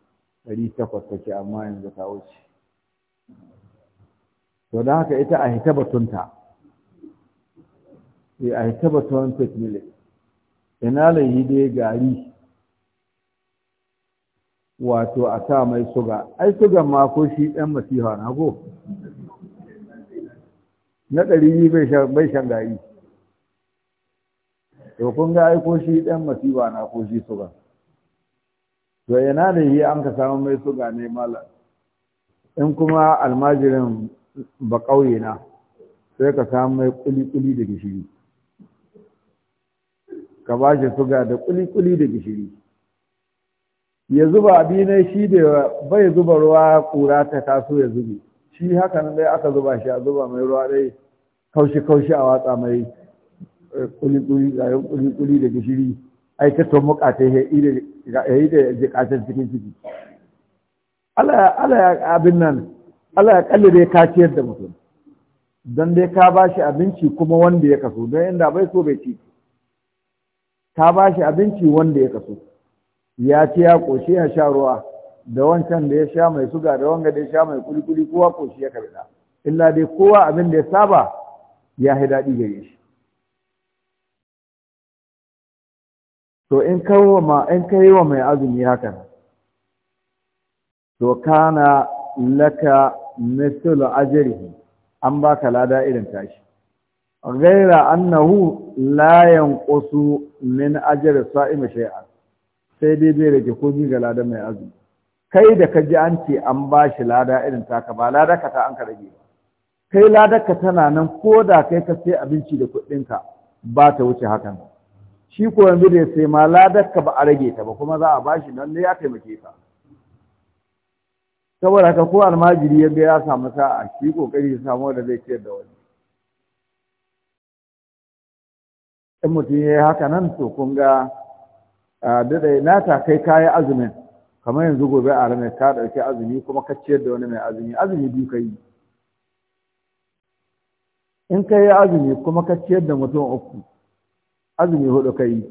ɗari takwas take amma yanzu ta wuce to don haka ita a hita batunta eh, a hita batun fit milik ina layi dai gari wato a sa mai suga ai suga ma ko shi ɗan masiha na go na ɗari yi bai shangayi to kun ga ai ko shi ɗan masiha na ko shi suga to yana da yi an ka samu mai suga ne mala in kuma almajirin ba ƙauye na sai ka samu mai kuli-kuli da gishiri ka ba shi suga da kuli-kuli da gishiri ya zuba ne shi da bai zuba ruwa kura ta taso ya zubi shi haka nan dai aka zuba shi a zuba mai ruwa dai kaushi kaushi a watsa mai kuli-kuli eh, gayan kuli-kuli da gishiri ai ta to ta ya yi da jikatar cikin ciki Allah ya abin nan Allah ya kalli dai ka ciyar da mutum don dai ka ba shi abinci kuma wanda ya kaso don inda bai so bai ci ka ba shi abinci wanda ya kaso ya ce ya ƙoshi ya sha ruwa da wancan da ya sha mai suga da wanga da ya sha mai kulikuli kowa ƙoshi ya karɓa illa dai kowa abin da ya saba ya yi daɗi gare shi to in kai wa wa mai azumi haka to kana laka mislu ajrihi an baka lada irin tashi ghaira annahu la yanqusu min ajri sa'imi shay'an sai dai bai rage komi ga lada mai azumi kai da ka ji an ce an ba shi lada irin taka ba lada ka ta an ka rage kai lada ka tana nan ko da kai ka sai abinci da kuɗinka ba ta wuce hakan shi ko yanzu da sai ma ladar ka ba a rage ta ba kuma za a ba shi ne ya taimake ka saboda haka ko almajiri ya ga ya samu sa'a shi kokari ya samu da zai ciyar da wani in mutum ya yi haka nan to kun ga dada na ta kai kayan azumin kamar yanzu gobe a ranar ka ɗauki azumi kuma ka ciyar da wani mai azumi azumi biyu ka yi in ka yi azumi kuma ka ciyar da mutum uku azumi hudu ka yi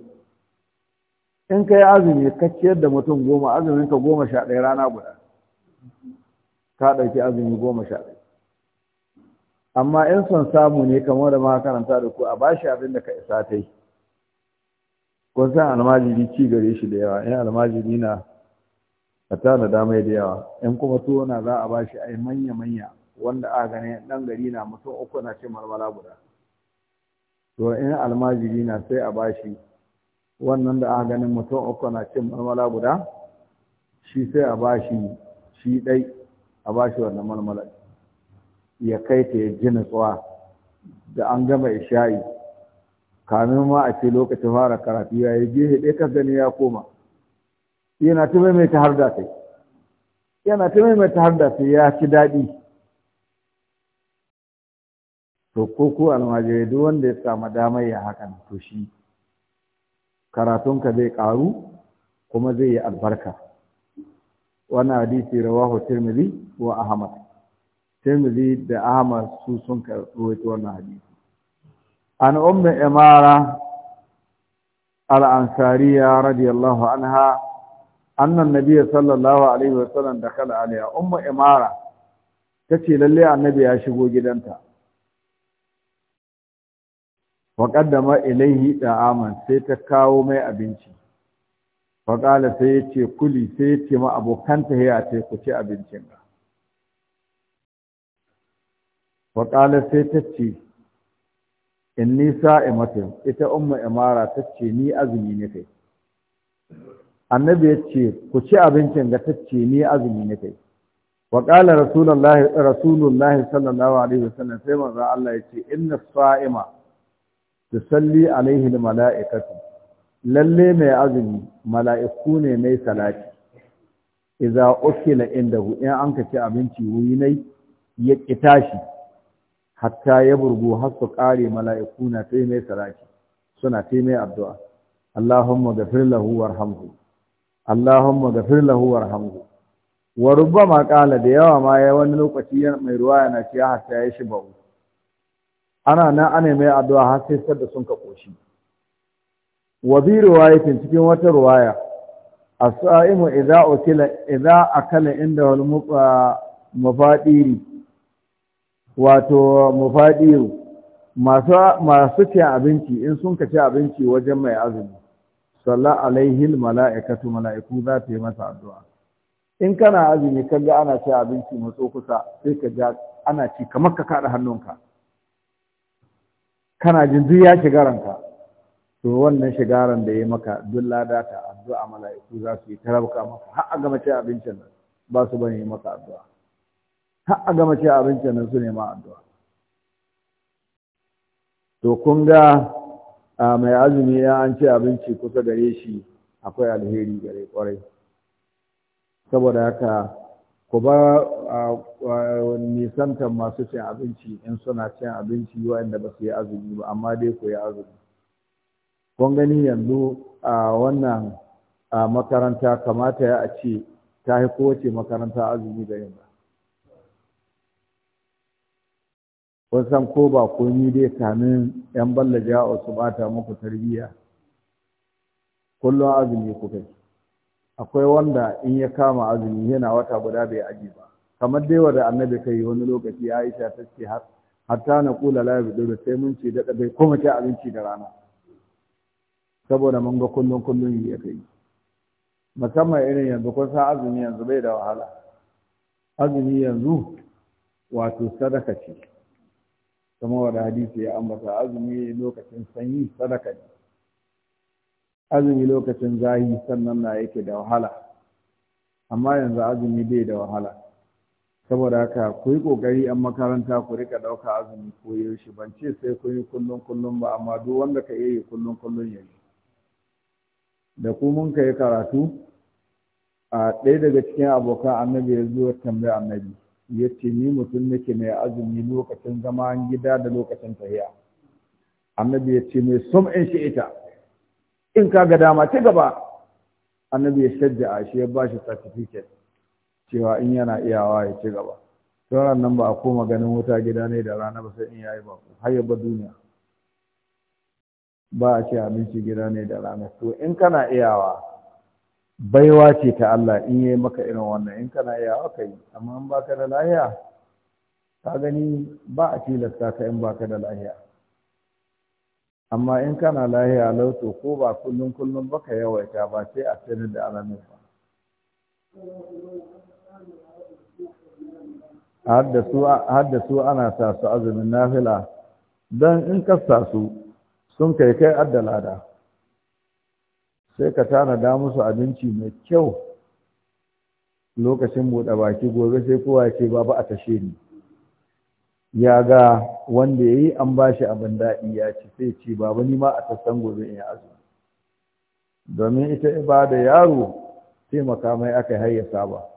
in ka yi azumi ka ciyar da mutum goma azumin ka goma sha ɗaya rana guda ka ɗauki azumi goma sha ɗaya amma in son samu ne kamar da ma karanta da ku a bashi abin da ka isa ta yi kun san almajiri ci gare shi da yawa in almajiri na a tana da mai da yawa in kuma su wana za a bashi ai manya manya wanda a gane dan gari na mutum uku na ce marmala guda to in almajiri na sai a bashi wannan da a ganin mutum uku na ce marmala guda shi sai a bashi shi dai a bashi wannan marmala ya kai ta ya gina nutsuwa da an gama isha'i kamin ma a ce lokacin fara karatu ya yi gehe ɗaya ka gani ya koma yana ta maimaita har da sai yana ta maimaita har da sai ya ci daɗi to ko ko almajirai duk wanda ya samu damar ya hakan to shi karatunka zai ƙaru kuma zai yi albarka wannan hadisi rawahu tirmidhi wa ahmad tirmidhi da ahmad su sun karɓi wannan hadisi an ummi imara al-ansariya radiyallahu anha annan nabiy sallallahu alaihi wasallam dakala alaiha ummu imara tace lalle annabi ya shigo gidanta wa qaddama da da'aman sai ta kawo mai abinci fa qala sai yace kuli sai yace ma abokanta ya ce ku ci abincin ka fa qala sai ta ce in nisa imatin ita umma imara ta ce ni azumi ne kai annabi ya ce ku ci abincin ga ta ce ni azumi ne kai wa qala rasulullahi rasulullahi sallallahu alaihi wasallam sai manzo Allah ya ce inna sa'ima tusalli alaihi almalaikatu lalle mai azumi mala'iku ne mai salati idza ukila indahu in an ka ci abinci wuri nai ya kitashi hatta ya burgu har su ƙare mala'iku na ta mai saraki suna ta mai addu'a Allahumma gafir lahu warhamhu Allahumma gafir lahu warhamhu wa rubbama qala da yawa ma ya wani lokaci mai ruwa yana ce hatta ya shi ba'u ana nan ana mai addu'a har sai sadda sun ka koshi wa bi ruwayatin cikin wata ruwaya, as-sa'imu idza ukila idza akala inda wal mufadiri wato mufadiyu masu cin abinci in sun ka ci abinci wajen mai azumi salla alaihi mala'ikatu mala'iku za ta yi masa addu'a in kana azumi kaga ana cin abinci matso kusa sai ka ja ana ci kamar ka kada hannunka kana jin duk ya shiga to wannan shigaran da ya maka duk lada ta addu'a mala'iku za su yi tarabka maka har a gama cin abincin nan ba su bane maka addu'a har a gama ce abincin nan su ne ma addu'a to kun ga mai azumi ya an ce abinci kusa gare shi akwai alheri gare kwarai saboda haka ku ba nisantar masu cin abinci in suna cin abinci wa'anda ba su yi azumi ba amma dai ku yi azumi kun gani yanzu a wannan makaranta kamata ya a ce ta yi kowace makaranta azumi da yin kun san ko ba komi dai kamin yan balla ja'o su bata muku tarbiyya kullum azumi kuka yi akwai wanda in ya kama azumi yana wata guda bai aji ba kamar dai wanda annabi kai yi wani lokaci aisha ta ce hatta na kula labi bi sai mun ce daɗa bai kuma ci abinci da rana saboda mun ga kullum kullum ya kai musamman irin yanzu kun san azumi yanzu bai da wahala azumi yanzu wato sadaka ce kuma wanda hadisi ya ambata azumi lokacin sanyi sadaka ne azumi lokacin zahi sannan na yake da wahala amma yanzu azumi bai da wahala saboda haka ku yi kokari an makaranta ku rika ɗauka azumi ko yaushe ban ce sai ku yi kullum kullum ba amma duk wanda ka yi kullum kullum ya yi da ku mun kai karatu a ɗaya daga cikin abokan annabi ya zo tambaya annabi ya ni mutum nake mai azumi lokacin zama gida da lokacin tahiya annabi ya ce mai in shi ita in ka ga dama ci gaba annabi ya shajja shi ya ba shi certificate cewa in yana iyawa ya ci gaba sauran nan ba a koma ganin wuta gida ne da rana ba sai in yayi ba har ba duniya ba a ce abinci gida ne da rana to in kana iyawa baiwa ce ta Allah in yi maka irin wannan in kana iya haka yi amma in baka da lahiya ka gani ba a tilasta ka in baka da lahiya amma in kana lahiya lauto ko ba kullum kullum baka yawaita ba sai a sanar da alamin ba har su ana sa su azumin nafila don in ka sa su sun kai kai addalada sai ka tanada musu abinci mai kyau lokacin buɗe baki gobe sai kowa ce babu a tashe ni ya ga wanda ya yi an ba shi abin daɗi ya ci sai ce babu ni ma a tassan gobe in azumi domin ita ibada yaro taimaka mai aka hayyasa ba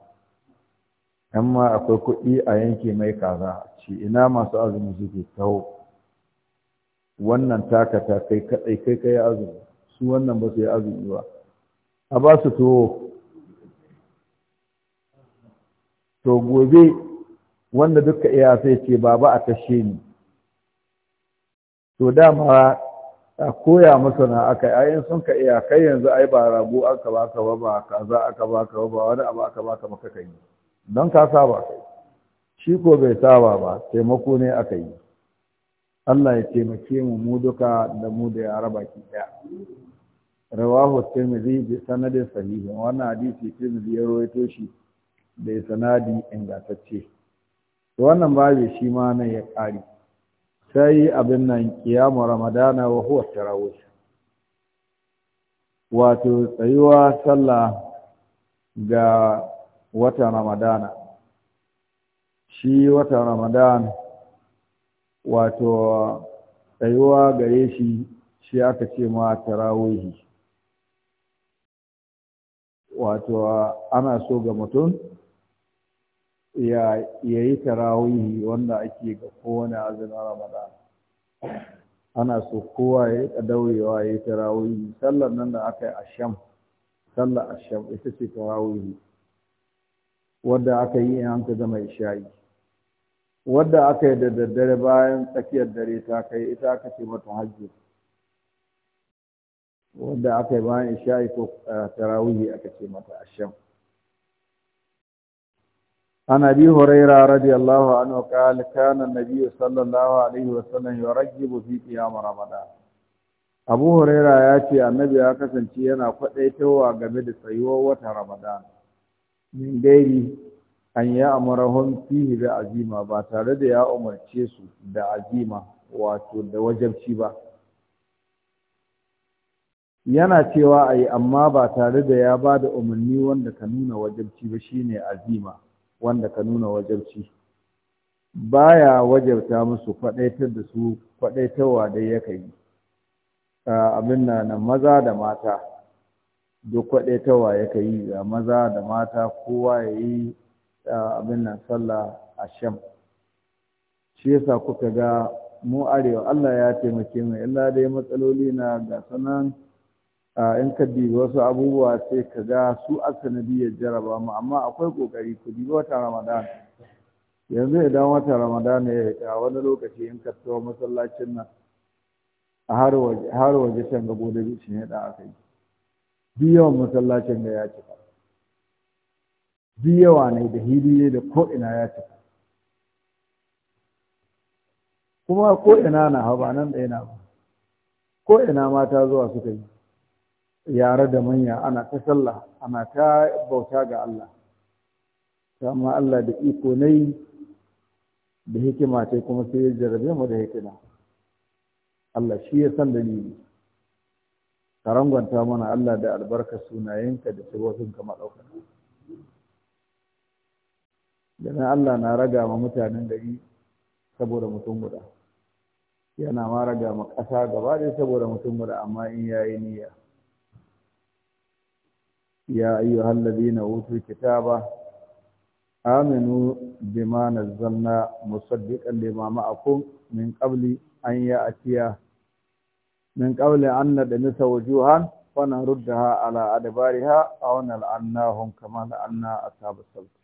ma akwai kuɗi a yanke mai kaza Ci ina masu azumi suke taho wannan takata ta kai kaɗai kai kai azumi su wannan ba su yi azumi ba a ba su tuwo to gobe wanda duka iya sai ce baba a tashe ni to dama a koya masa na aka ayin sun ka iya kai yanzu ai ba rago aka ka ba ba kaza aka ba ba ba wani abu aka ka maka kai don ka saba kai shi ko bai saba ba taimako ne aka yi Allah ya taimake mu mu duka da mu da yara baki daya rawahu tirmidhi bi sanadin sahihi wannan hadisi tirmidhi ya rawaito shi da sanadi ingantacce wannan babu shi ma nan ya kari sai abin nan kiyamu ramadana wa huwa tarawih wato tsayuwa sallah ga watan ramadana shi watan ramadana wato tsayuwa gare shi shi aka ce ma tarawihi wato ana so ga mutum ya yi tarawihi wanda ake ga kowane azumin ramadan ana so kowa ya rika daurewa ya yi tarawihi sallar nan da aka yi asham sallar asham ita ce tarawihi wadda aka yi in an ka zama isha'i wadda aka yi da daddare bayan tsakiyar dare ta kai ita aka ce mata hajji wadda aka yi bayan isha'i ko eh, tarawihi aka ce mata asham عن ابي هريره رضي الله عنه قال كان النبي صلى الله عليه وسلم يرجب في قيام رمضان abu huraira ya ce annabi ya kasance yana kwadaitowa game da tsayuwar watan ramadan min gairi an ya amarahum fihi bi azima ba tare da ya umarce su da azima wato da wajabci ba yana cewa ayi amma ba tare da ya ba da umarni wanda ka nuna wajabci ba shine azima wanda ka nuna wajabci baya wajabta musu kwadaitar da su kwadaitarwa dai yake yi abin nan maza da mata duk kwadaitarwa yake yi ga maza da mata kowa yayi Eh, abin nan sallah a asham shi yasa kuka ga mu arewa Allah ya taimake mu illa dai matsaloli na ga sanan eh, in ka dibi wasu abubuwa sai ka ga su asanadiyar jaraba mu amma akwai kokari ku dibi wata ramadan yanzu idan wata ramadan ya a wani lokaci in ka tawo masallacin nan har waje shan ga da ne da aka yi masallacin da ya cika Biyawa ne da hili ne da ko'ina ya cika kuma ko'ina na haba nan ɗaya na ba ko'ina mata zuwa suka yi yare da manya ana ta sallah ana ta bauta ga Allah amma Allah da iko nai da hikima ce kuma sai ya jarabe mu da hikima Allah shi ya san dalili ka mana Allah da albarkar sunayenka da sifofinka maɗaukaka na Allah na raga ma mutanen gari saboda mutum guda yana ma raga ma ƙasa gaba da saboda mutum guda amma in ya yi niyya ya ayyu halladina utul kitaba aminu bima nazzalna musaddiqan lima ma'akum min qabli an ya'tiya min qabli an nadmisa wujuhan fa naruddaha ala adbariha aw nal'annahum kama la'anna ashabas sabt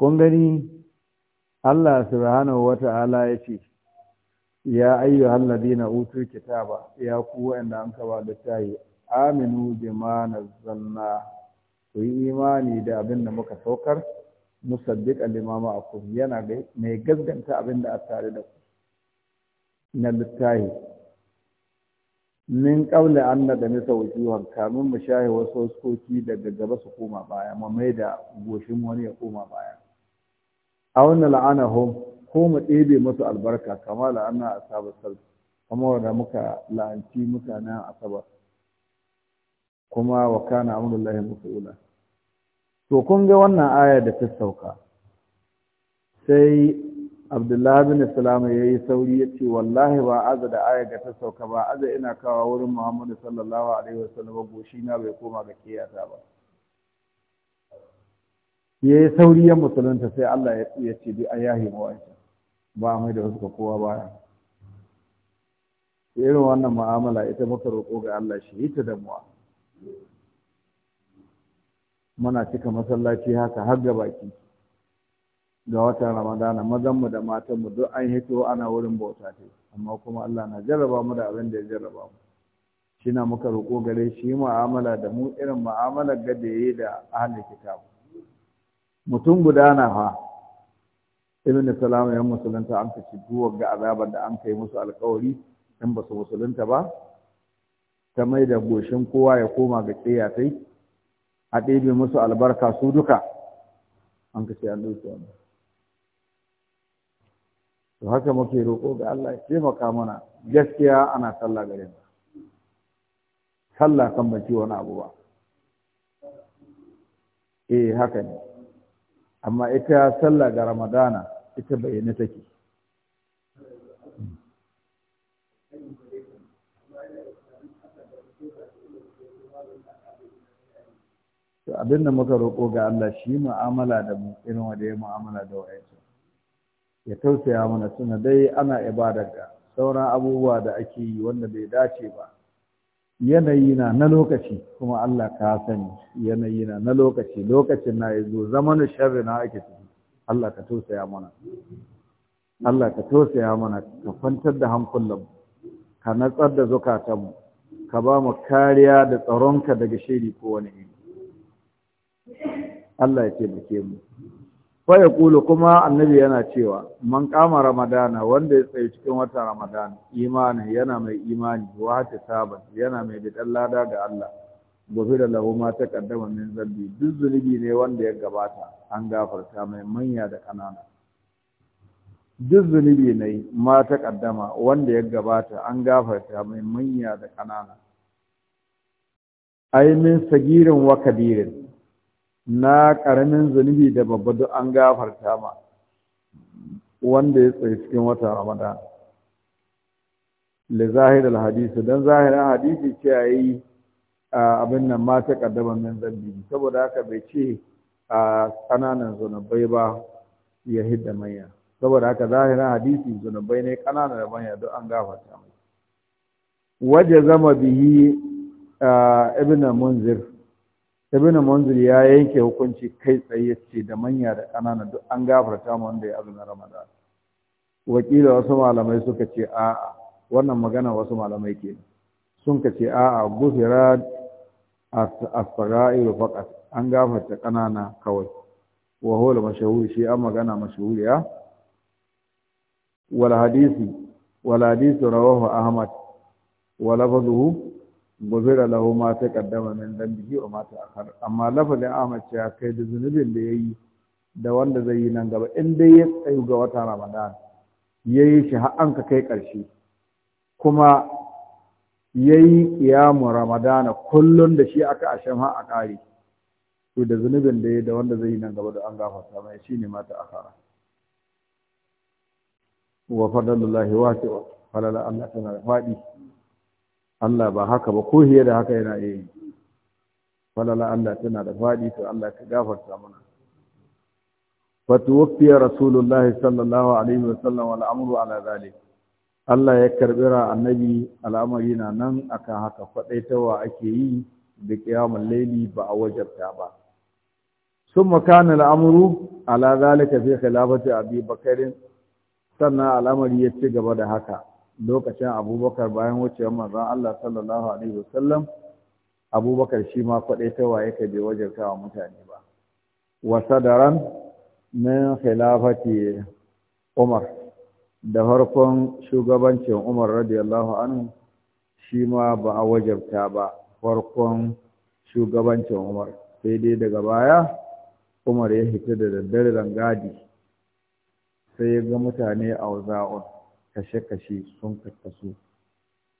kun gani Allah subhanahu ta'ala ya ce ya ayyuhal na utul kitaba ya ku wa'anda an kaba littafi aminu bima nazzalna ku yi imani da abin da muka saukar musaddiq al-imama akum yana mai gaskanta abin da a tare da ku na littafi min kaula anna na game wujuhan kamin mu shahe wasu waskoki daga gaba su koma baya mu mai da goshin wani ya koma baya A la'ana nal'anahum ko mu ɗebe musu albarka kama a ashabu sarki kuma wanda muka la'anci mutanen asabar kuma wa kana musu ula. to kun ga wannan aya da ta sauka sai abdullahi bin salama ya yi sauri ya ce wallahi ba aza da aya da ta sauka ba aza ina kawo wurin muhammadu sallallahu alaihi wasallam goshi na bai koma ga kiyata ba ya yi sauri ya musulunta sai Allah ya ce dai a yahi ma ba mai da wasu kowa baya irin wannan ma'amala ita muka roƙo ga Allah shi yi ta damuwa muna cika masallaci haka har ga baki ga watan ramadana mazanmu da matanmu duk an hito ana wurin bauta ta amma kuma Allah na jarraba mu da abin da ya jarraba mu shi na muka roƙo gare shi ma'amala da mu irin mu'amalar ga da ya yi da ahalin kitabu mutum guda na fa ibn salam ya musulunta an ta duwar ga azabar da an kai musu alkawari dan ba su musulunta ba ta mai da goshin kowa ya koma ga sai a ɗebe musu albarka su duka an ka ce an ɗauki wannan to haka muke roƙo ga Allah ya taimaka mana gaskiya ana sallah gare mu sallah kan ci wani abu ba eh haka ne amma ita sallah ga ramadana ita bayyana take to abin muka roƙo ga Allah shi mu'amala da mu irin wanda ya mu'amala da wayansu ya tausaya mana suna dai ana ibadar da sauran abubuwa da ake yi wanda bai dace ba yanayi na na lokaci kuma Allah ka sani yanayi na na lokaci lokacin na yazo zamanin sharri na ake ciki Allah ka tausaya mana Allah ka fantar mana ka kwantar da hankulan ka natsar da zukatanmu ka ba mu kariya da tsaronka daga shiri ko wani iri Allah ya taimake mu faya kulu kuma annabi yana cewa man kama ramadana wanda ya tsaye cikin watan ramadana imanin yana mai imani wa hata saban yana mai bidan lada ga Allah gobe da lahu ma ta kaddama min zambi duk zunubi ne wanda ya gabata an gafarta mai manya da kanana duk zunubi ne ma ta kaddama wanda ya gabata an gafarta mai manya da kanana ai min sagirin wa kabirin na ƙaramin zunubi da babba duk an gafarta ma wanda ya tsaye cikin wata ramadan le zahir al-hadisi dan zahirin hadisi ce yayi abin nan ma ta ƙaddamar min zambi saboda haka bai ce a ƙananan zunubai ba ya hidda manya saboda haka zahirin hadisi zunubai ne kanana da manya duk an gafarta mai waje zama bihi ibn munzir ibn munzir ya yanke hukunci kai tsaye yace da manya da kanana duk an gafarta mu wanda ya azumi ramadan wakila wasu malamai suka ce a'a wannan magana wasu malamai ke sun ka ce a'a gufira as-sagair faqat an gafarta kanana kawai wa huwa al-mashhur shi an magana mashhuriya wal hadisi wal hadisi rawahu ahmad wa lafzuhu gobera lahu ma ta kaddama min dambihi wa ma ta akhar amma lafazin Ahmad ya kai da zunubin da yayi da wanda zai yi nan gaba in dai ya tsayu ga watan Ramadan yayi shi har an ka kai karshe kuma yayi qiyamu Ramadan kullun da shi aka ashan har a kare to da zunubin da yayi da wanda zai yi nan gaba da an gafarta mai shine ma ta akhar wa fadlullahi wasi'a falala an da fadi Allah ba haka ba ko hiye da haka yana yi falala Allah tana da faɗi to Allah ka gafarta mana fatuwaffiya rasulullah sallallahu alaihi wa sallam wal amru ala zalik Allah ya karbira annabi al'amari na nan akan haka fadaitawa ake yi da kiyamul laili ba a wajabta ba summa kana al'amru ala zalika fi khilafati abi bakr sannan al'amari ya ci gaba da haka lokacin abubakar bayan wucewar manzon Allah sallallahu alaihi wasallam abubakar shi ma ta waye ka bai wajarta wa mutane ba sadaran min khilafati umar da farkon shugabancin umar radiyallahu anhu shi ma ba a wajabta ba farkon shugabancin umar sai dai daga baya umar ya hita da daddare rangadi sai ya ga mutane a waza'un kashe-kashe sun kakkasu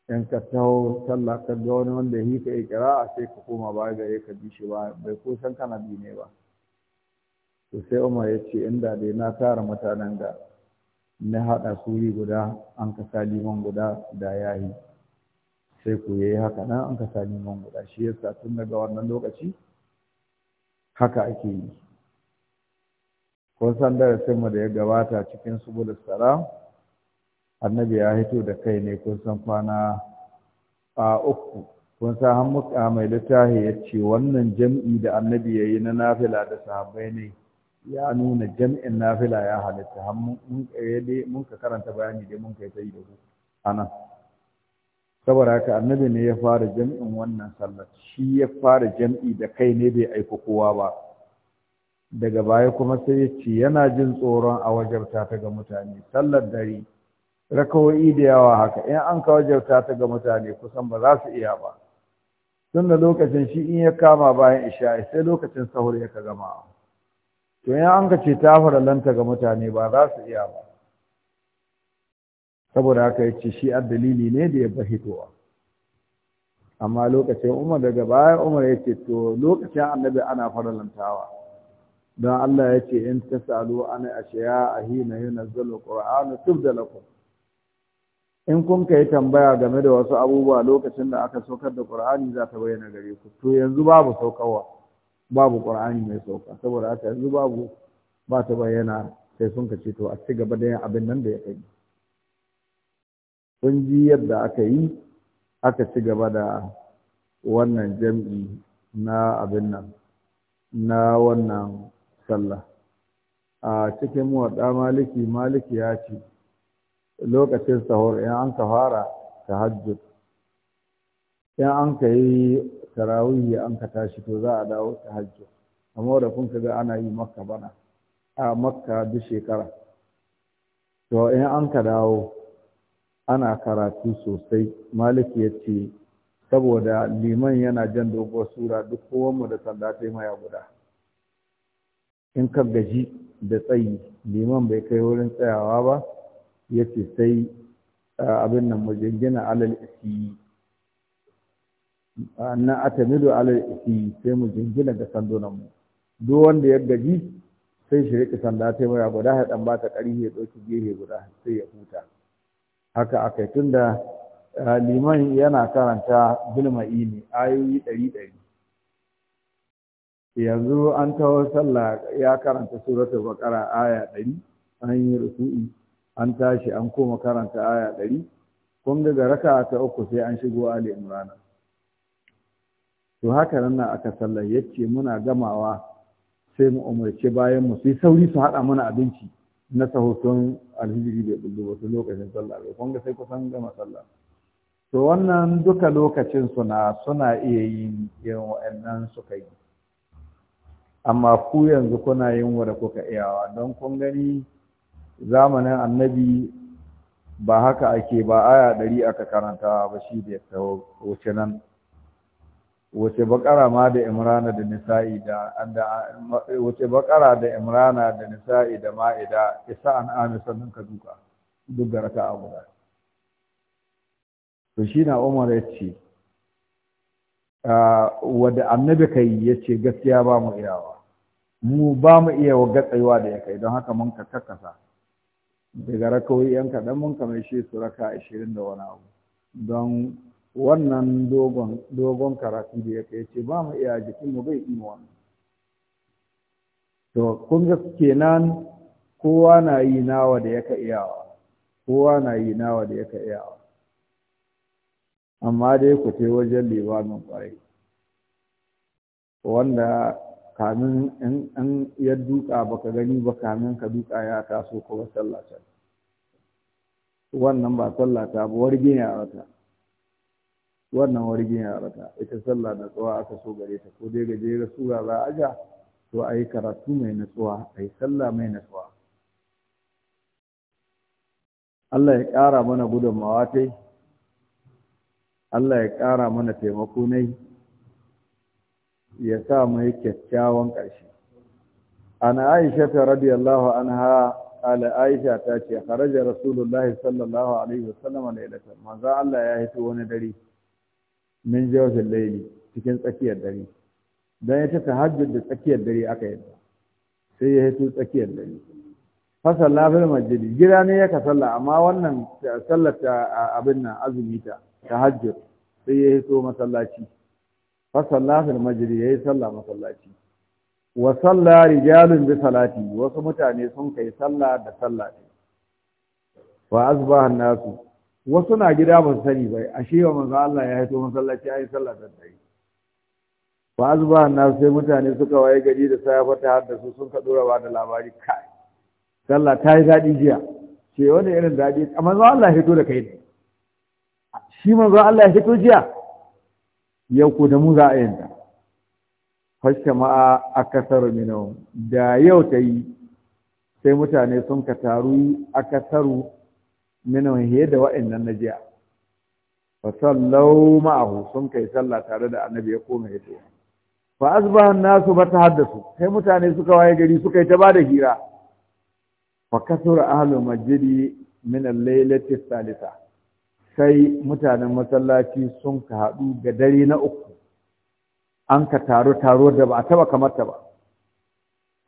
in ka taho sallah ka ga wani wanda ya ka yi a sai ka koma baya gare ka bi shi ba bai ko san kana bi ne ba to sai umar ya ce inda dai na tara mutanen da na haɗa suri guda an ka sa liman guda da yayi sai ku yi haka nan an ka sa liman guda shi yasa tun daga wannan lokaci haka ake yi kun san darasinmu da ya gabata cikin subulus salam annabi ya hito da kai ne kun san kwana a uku kun san har mai littafi ya ce wannan jam'i da annabi ya yi na nafila da sahabbai ne ya nuna jam'in nafila ya halitta har mun eh, ka karanta bayani dai mun kai ta yi da ku anan saboda haka annabi ne ya fara jam'in wannan sallar shi ya fara jam'i da kai ne bai aiko kowa ba daga baya kuma sai ya ce yana jin tsoron a wajen ta ga mutane sallar dare rakawoyi da yawa haka in an kawo jauta ta ga mutane kusan ba za su iya ba tun da lokacin shi in ya kama bayan isha'i sai lokacin sahur ya ka gama to in an ka ce ta faralanta ga mutane ba za su iya ba saboda haka ya ce shi a dalili ne da ya bahitowa amma lokacin umar daga baya umar ya ce to lokacin annabi ana faralantawa don Allah ya ce in salo ana ashiya a hina yunazzalul qur'anu da lakum in kun ka yi tambaya game da wasu abubuwa lokacin da aka saukar da ƙur'ani za ta bayyana gare ku to yanzu babu saukawa babu ƙur'ani mai sauka saboda haka yanzu babu ba ta bayyana sai sun ka ce to a ci gaba da yin abin nan da ya kai kun ji yadda aka yi aka ci gaba da wannan jam'i na abin nan na wannan sallah a cikin waɗa maliki maliki ya ce lokacin sahur in an ka fara tahajjud in an ka yi tarawih an ka tashi to za a dawo tahajjud amma da kun ga ana yi makka bana a makka duk shekara to in an ka dawo ana karatu sosai maliki ya ce saboda liman yana jan doguwar sura duk kowanmu da sanda ta maya guda in ka gaji da tsayi liman bai kai wurin tsayawa ba ya ce sai abin nan mu jingina alal isi na atamilu alal isi sai mu jingina da sandunan mu duk wanda ya gaji sai shi riƙe sanda ta mai guda ya dan bata ƙari ya ɗauki gehe guda sai ya huta haka akai tunda liman yana karanta bilma'i ne ayoyi ɗari ɗari yanzu an tawo sallah ya karanta suratul baqara aya ɗari an yi rusu'i an tashi an koma karanta aya ɗari kun ga raka ta uku sai an shigo ali imrana to haka nan na aka sallar yace muna gamawa sai mu umarci bayan mu sai sauri su haɗa mana abinci na sahoton alhijiri bai bullo wasu lokacin sallah bai kun sai kusan gama sallah to wannan duka lokacin suna suna iya yin irin wa'annan suka yi amma ku yanzu kuna yin wa da kuka iyawa don kun gani zamanin annabi ba haka ake ba aya ɗari aka karanta ba shi da ya wuce nan wace bakara ma da imrana da nisa'i da wace bakara da imrana da nisa'i da ma'ida isa an ami sannan ka duka duk da raka a guda to shi na umar ya ce ah, wadda annabi ka yi ya ce gaskiya ba mu iyawa mu ba mu iya wa gatsaiwa da ya kai don haka mun ka kakkasa daga rakawai yan kaɗan mun kamar shi su raka ashirin da wani abu don wannan dogon karatu da ya kai ce ba mu iya mu bai iya wannan to kun ga kenan kowa na yi nawa da yaka iyawa kowa na yi nawa da yaka iyawa amma dai ku ce wajen limamin kwarai wanda kamin in ya duka baka gani ba kamin ka duka ya taso kuma sallah ta wannan ba sallah ta ba wargin yarata wannan wargin yarata ita sallah na tsawa aka so gare ta ko dai ga sura za a ja to a yi karatu mai natsuwa a yi sallah mai natsuwa Allah ya ƙara mana gudunmawa tai Allah ya ƙara mana taimako nai ya sa mai kyakkyawan ƙarshe ana aisha ta radiyallahu anha ala aisha ta ce kharaja rasulullah sallallahu alaihi wasallam lailatan manzo Allah ya hito wani dare min jawfil laili cikin tsakiyar dare dan ya ta tahajjud da tsakiyar dare aka yi sai ya hito tsakiyar dare fa salla fil masjid gida ne ya ka salla amma wannan sallar ta abin nan azumi ta tahajjud sai ya hito masallaci fa salla fil majri yayi salla masallaci wa salla rijalun bi salati wasu mutane sun kai salla da salla wa asbaha nasu wasu na gida ba sani bai ashe wa manzo Allah ya haito masallaci ayi salla da dare wa asbaha nasu sai mutane suka waye gari da safa ta haddasu sun ka dora da labari kai salla ta yi daɗi jiya ce wani irin daɗi amma manzo Allah ya haito da kai ne shi manzo Allah ya haito jiya yau ku da mu za a yanta fashe ma'a a kasar minau da yau ta yi sai mutane sun ka taru a kasar minau hiye da wa'annan na jiya fa sallau ma'ahu sun kai sallah tare da annabi ya koma ya ce fa asbaha nasu ba tahaddasu sai mutane suka waye gari suka yi ta bada hira fa kasura ahlu masjidi min al-lailati salisa sai mutanen masallaci sun ka haɗu ga dare na uku an ka taro taro da ba a taba kamata ba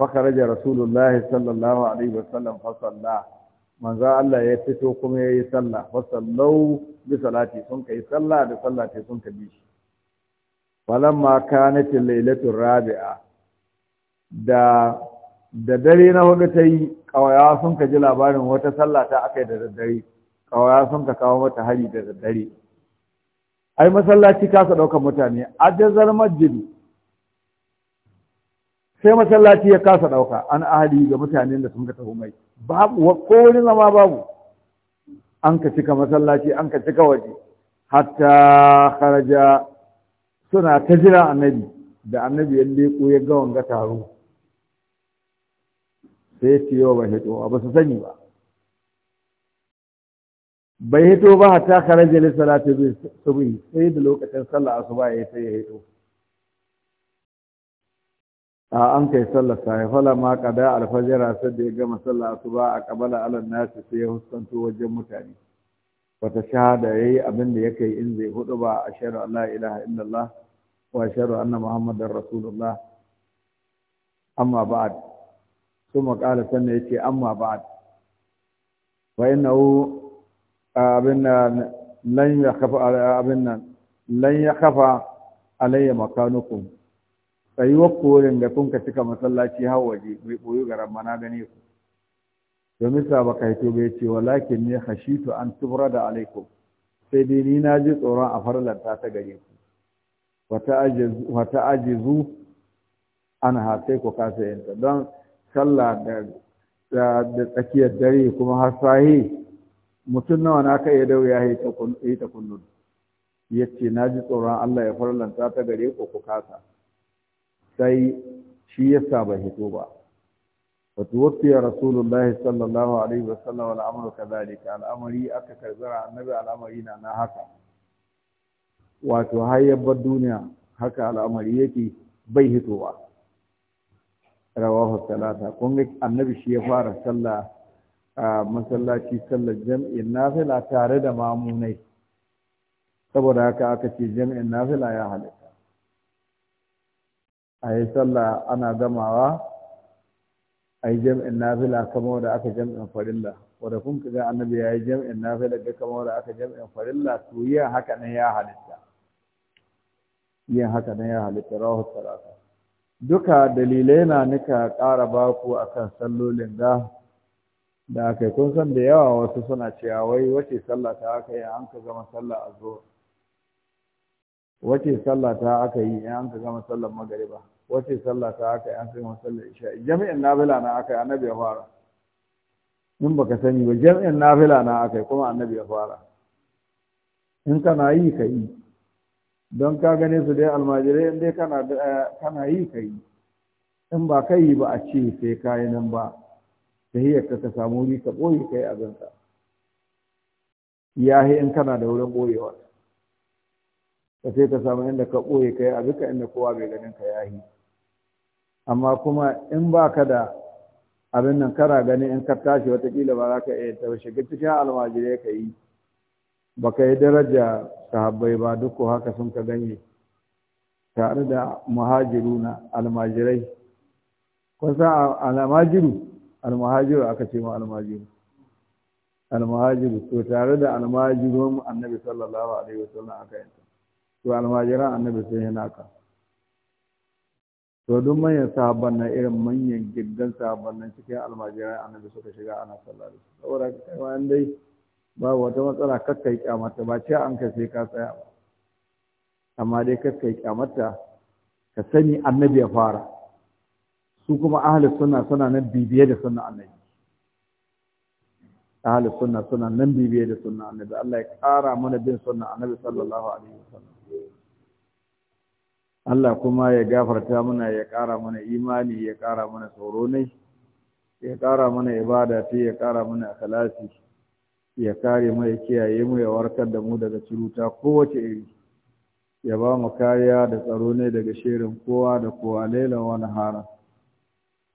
fakaraja rasulullahi sallallahu alaihi wasallam fasalla manzo Allah ya fito kuma ya yi sallah fasallau bi salati sun ka yi sallah da sallah ta sun ka bi shi falamma kanat lailatul rabi'a da da dare na hudu ta yi kawaya sun ka ji labarin wata sallah ta aka yi da daddare ya sun ka kawo mata hari da daddare ai masallaci kasa ɗaukar mutane jazar masjidi sai masallaci ya kasa ɗauka an ahali ga mutanen da sun ka taho mai babu ko wani zama babu an ka cika masallaci an ka cika waje hatta karaja suna ta jira annabi da annabi ya leƙo ya ga wanga taro sai ya ce yau ba ba su sani ba bai hito ba hatta kharaja li salati subhi sai da lokacin sallah asuba ya sai ya hito a an kai sallar sai fala ma kada alfajira sai da ya gama sallah asuba a kabala alan nasi sai ya huskanto wajen mutane wata shahada yayi abin da yake in zai hudu ba ashhadu an la ilaha illallah wa ashhadu anna muhammadar rasulullah amma ba'd ثم قال سنة يتي أما بعد فإنه abin nan lan ya kafa abin nan lan ya kafa alayya makanukum tsayuwar korin da kun ka cika masallaci har waje bai boyu garan mana gane ku domin sa kai to bai ce walakin ne khashitu an tubrada da alaikum sai dai ni na ji tsoron a farlanta ta gare ku wata ajizu an ha sai ku kasa yanta don sallah da tsakiyar dare kuma har sahi mutum nawa na kai ya dau ya yi ta kunnun ya ce na ji tsoron Allah ya farlanta ta gare ko ku kasa sai shi ya sa ba hito ba wa rasu rasulullah sallallahu alaihi wa sallam wal amru kadhalika al'amari aka karzara annabi al'amari na na haka wato har yabbar duniya haka al'amari yake bai hito rawahu talata kun ga annabi shi ya fara sallah a masallaci sallar jam'in nafila tare da mamunai saboda haka aka ce jam'in nafila ya halitta a yi sallah ana gamawa a yi jam'in nafila kamar da aka jam'in farilla wadda kun ga annabi ya yi jam'in nafila ga kamar da aka jam'in farilla to yin haka nan ya halitta yin haka nan ya halitta rahu salata duka dalilai na nika ƙara baku akan sallolin ga da aka kun san da yawa wasu suna cewa wai wace sallah ta aka yi an ka gama sallah a zuwa wace sallah ta aka yi an ka gama sallah magariba wace sallah ta aka yi an ka gama sallah isha jami'in nafila na aka yi annabi ya fara in baka sani ba jami'in nafila na aka yi kuma annabi ya fara in kana yi ka yi don ka gane su dai almajirai in dai kana eh, yi ka yi in ba ka yi ba a ce sai yi nan ba tahiyar ka samu wuri ka ɓoye ka yi abinka ya in kana da wurin ɓoyewa ka sai ka samu inda ka ɓoye ka yi abinka inda kowa bai ganin ka ya amma kuma in ba ka da abin nan kana ganin in ka tashi watakila ba za ka iya ta shiga cikin almajirai ka yi ba ka yi daraja sahabbai ba duk ko haka sun ka ganye tare da muhajiruna almajirai kun san almajiru almahajiru aka ce ma almajiru almahajiru to tare da almajirun annabi sallallahu alaihi wasallam aka yi to almajiran annabi sun yi naka to duk manyan sahabban na irin manyan giddan sahabban nan cikin almajiran annabi suka shiga ana sallah da saboda kai ma dai ba wata matsala kakkai kyamata ba ce an kai sai ka tsaya ba amma dai kakkai kyamata ka sani annabi ya fara su kuma ahalus sunna suna nan bibiye da sunna annabi ahalus sunna suna nan bibiye da sunna annabi Allah ya ƙara mana bin sunna annabi sallallahu alaihi wasallam Allah kuma ya gafarta mana ya ƙara mana imani ya ƙara mana tsoro ne ya ƙara mana ibada ta ya ƙara mana akhlasi ya kare mu ya kiyaye mu ya warkar da mu daga ciruta kowace iri ya ba mu kariya da tsaro ne daga shirin kowa da kowa lailan wani haram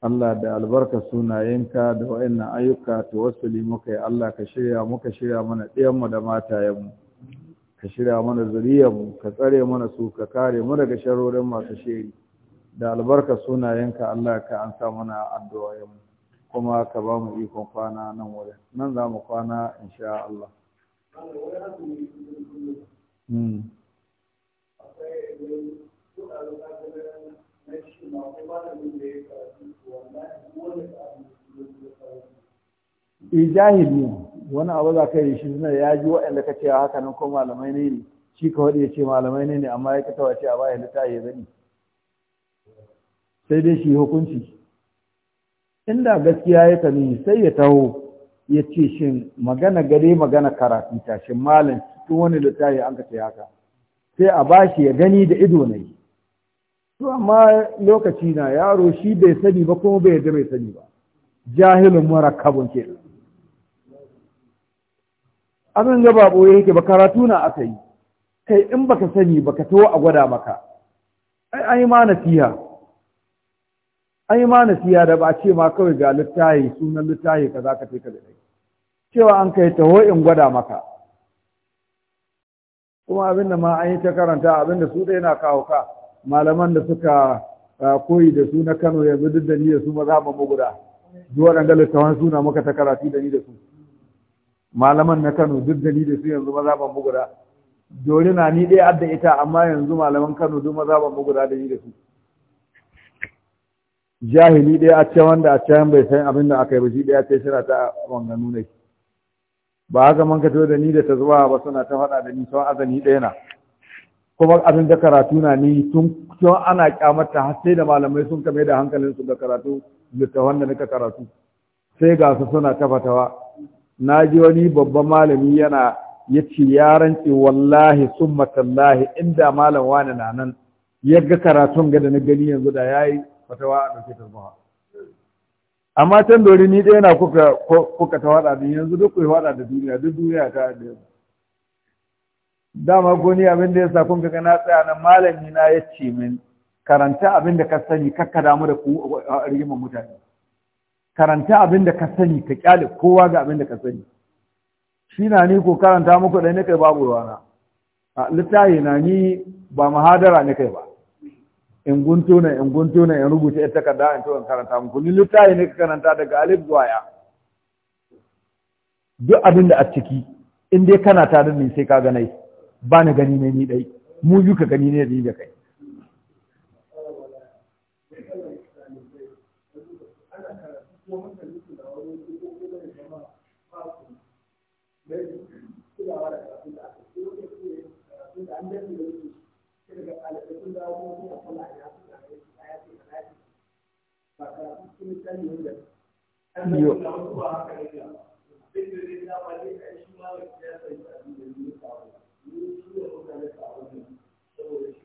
Allah da albarka sunayenka da wa'annan ayyuka ta wasu limuka, yi Allah ka shirya muka shirya mana ɗiyanmu da matayenmu ka shirya mana zuriyarmu ka tsare mana su ka kare mu daga sharorin masu shiri da albarka sunayenka Allah ka an sa mana addu'o'inmu kuma ka ba mu ikon kwana nan wuri nan za mu kwana insha Allah hmm. e ne, wani abu za ka yi shi suna ya ji waɗanda ka ce haka nan ko malamai ne ne shi ka wani ya ce malamai ne ne amma ya ka wace a bayan ta yi zani sai dai shi hukunci inda gaskiya ya kami sai ya taho ya ce shin magana gare magana karatu ta shin malam cikin wani littafi an ka ce haka sai a bashi ya gani da ido na yi Su amma lokaci na yaro shi bai sani ba kuma bai yadda bai sani ba jahilin mara kabon ke abin ga ɓoye yake ba karatu na aka yi kai in baka sani baka taho a gwada maka ai ai ma nasiha ai ma nasiha da ba ce ma kawai ga littahi sunan littahi kaza ka ce ka da cewa an kai taho in gwada maka kuma abin da ma an yi ta karanta abin da su ɗaya na kawo ka malaman da suka ah, koyi da su na Kano yanzu duk da ni da su maza za mu guda nan waɗanda littafan suna muka ta karatu da ni da su malaman na Kano duk da ni da su yanzu maza za mu guda dole na ni dai adda ita amma yanzu malaman Kano duk maza za mu guda da ni da su jahili dai a ce wanda a can bai san abin da aka yi ba shi dai a ce shira ta wanganu ne ba haka man ka da ni da ta zuwa ba suna ta faɗa da ni sau azani ɗaya na kuma abin da karatu na ni tun ana kyamata har sai da malamai sun kame da hankalin su ga karatu littafan da nika karatu sai ga su suna tafatawa na ji wani babban malami yana ya ce ya rance wallahi summa tallahi inda malam wani na nan ya ga karatun ga da na gani yanzu da yayi fatawa a ɗauke tarbaha amma can dori ni ɗaya na kuka kuka ta waɗa yanzu duk kuwa waɗa da duniya duk duniya ta da dama ni abin da ya sa kun ga na tsaya nan malami na ya ce min karanta abin da ka sani kakka damu da ku rigimar mutane karanta abin da ka sani ka kyale kowa ga abin da ka sani shi na ni ko karanta muku da kai babu ruwana a littafi na ni ba mahadara ne kai ba in gunto na in gunto na in rubuta ita takarda in to in karanta muku ni littafi ne ka karanta daga alif zuwa ya duk abin da a ciki in dai kana tare da ni sai ka ganai. ba na gani ne ni dai mu yi ka gani ne da kai Yo.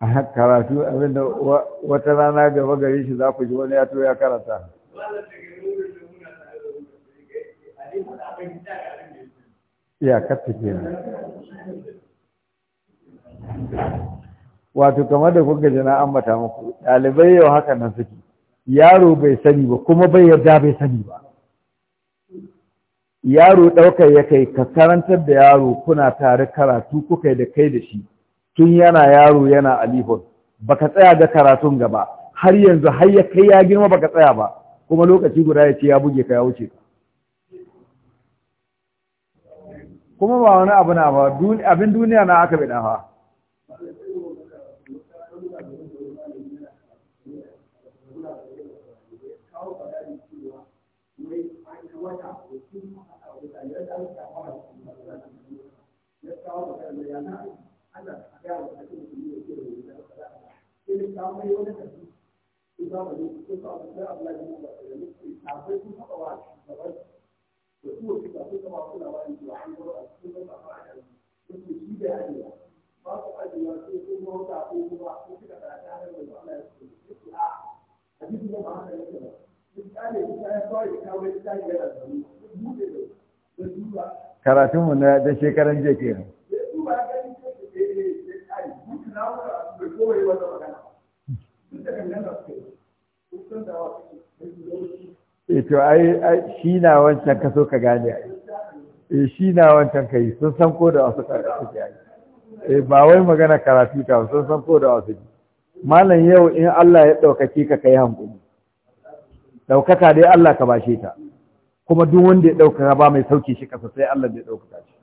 a karatu abinda wata rana gaba gari shi za ku ji wani ya to ya karanta ya ta ke wato kamar da kuka jana an mata muku ɗalibai yau haka nan suke yaro bai sani ba kuma bai yarda bai sani ba yaro ɗaukar ya kai ka karantar da yaro kuna tare karatu kuka da kai da shi tun yana yaro yana alifon baka tsaya da karatun gaba har yanzu har ya kai ya girma baka tsaya ba kuma lokaci guda ya ce ya buge ka ya wuce ka kuma ba wani abu na ba abin duniya na aka bi Thank you. karatunmu na da shekaran jiya kenan bai kowa yi wata magana da gangan kusan da wasu e to ai shi na wancan ka so ka gane ai e shi na wancan ka yi sun san ko da wasu suke ai e eh, ba wai magana karatu ta sun san ko da wasu malam yau in Allah ya ɗaukake ka kai hankali ɗaukaka dai Allah ka bashe ta kuma duk wanda ya ɗaukaka ba mai sauke shi kasa sai Allah bai ɗaukaka shi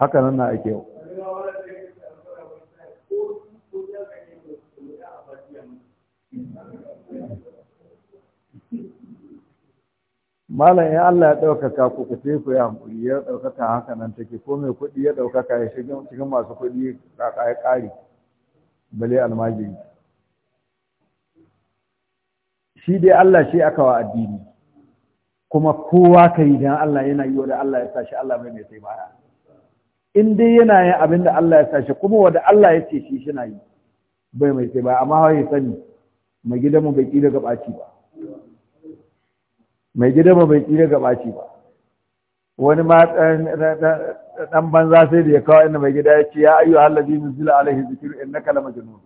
haka nan na ake yau malam ya Allah ya ɗaukaka ku ku sai ku yi hankuri ya ɗaukaka haka nan take ko mai kuɗi ya ɗaukaka ya shiga cikin masu kuɗi kaka ya ƙari bale almajiri shi dai Allah shi aka wa addini kuma kowa ka yi don Allah yana yi wanda Allah ya sa shi Allah mai mai sai baya in dai yana yin abin da Allah ya sa shi kuma wanda Allah ya ce shi shi na yi bai mai sai baya amma ya sani mai gidan mu bai kira gabaci ɓaci ba mai bai ba wani ma dan banza sai da ya kawo inda mai gida ya ce ya ayyu allazi nuzila alaihi zikru innaka lamajnun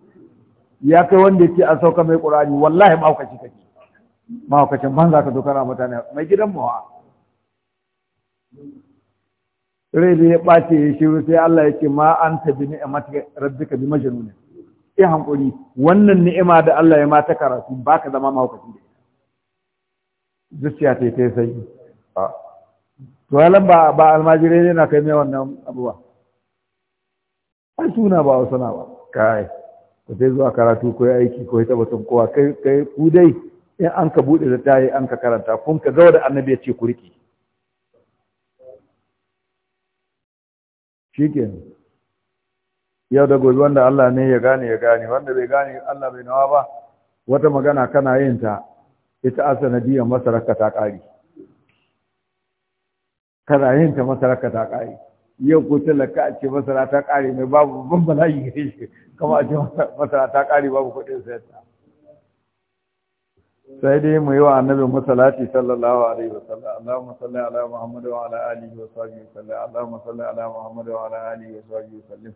ya kai wanda yake an sauka mai qur'ani wallahi ma hukaci kake ma hukacin banza ka dokara mutane mai gidan mu ha rai da ya ɓace ya shiru sai Allah ya ce ma an tabi rabbi ka bi majnun yi hankuri wannan ni'ima da Allah ya mata karatu ba ka zama mahaukaci da ita zuciya ta ta sanyi. to yalan ba ba almajirai ne na kai mai wannan abuwa ai suna ba wasu na ba kai Ka sai zuwa karatu ko aiki ko ya tabbatar kowa kai kai ku dai in an ka buɗe da tayi an ka karanta kun ka ga da annabi ya ce ku Shi kenan. yau da gobe wanda Allah ne ya gane ya gane wanda bai gane Allah bai nawa ba wata magana kana yin ta ita asanadiyar masararka ta ƙari kana yin ta masararka ta ƙari yau ko talaka a ce masara ta ƙare mai babu babban bala'i gare shi kama a ce masara ta ƙare babu kuɗin sayar ta sai dai mu yi wa annabi masalati sallallahu alaihi wa sallam Allahumma salli ala Muhammad wa ala alihi wa sahbihi sallam Allahumma salli ala Muhammad wa ala alihi wa sahbihi sallam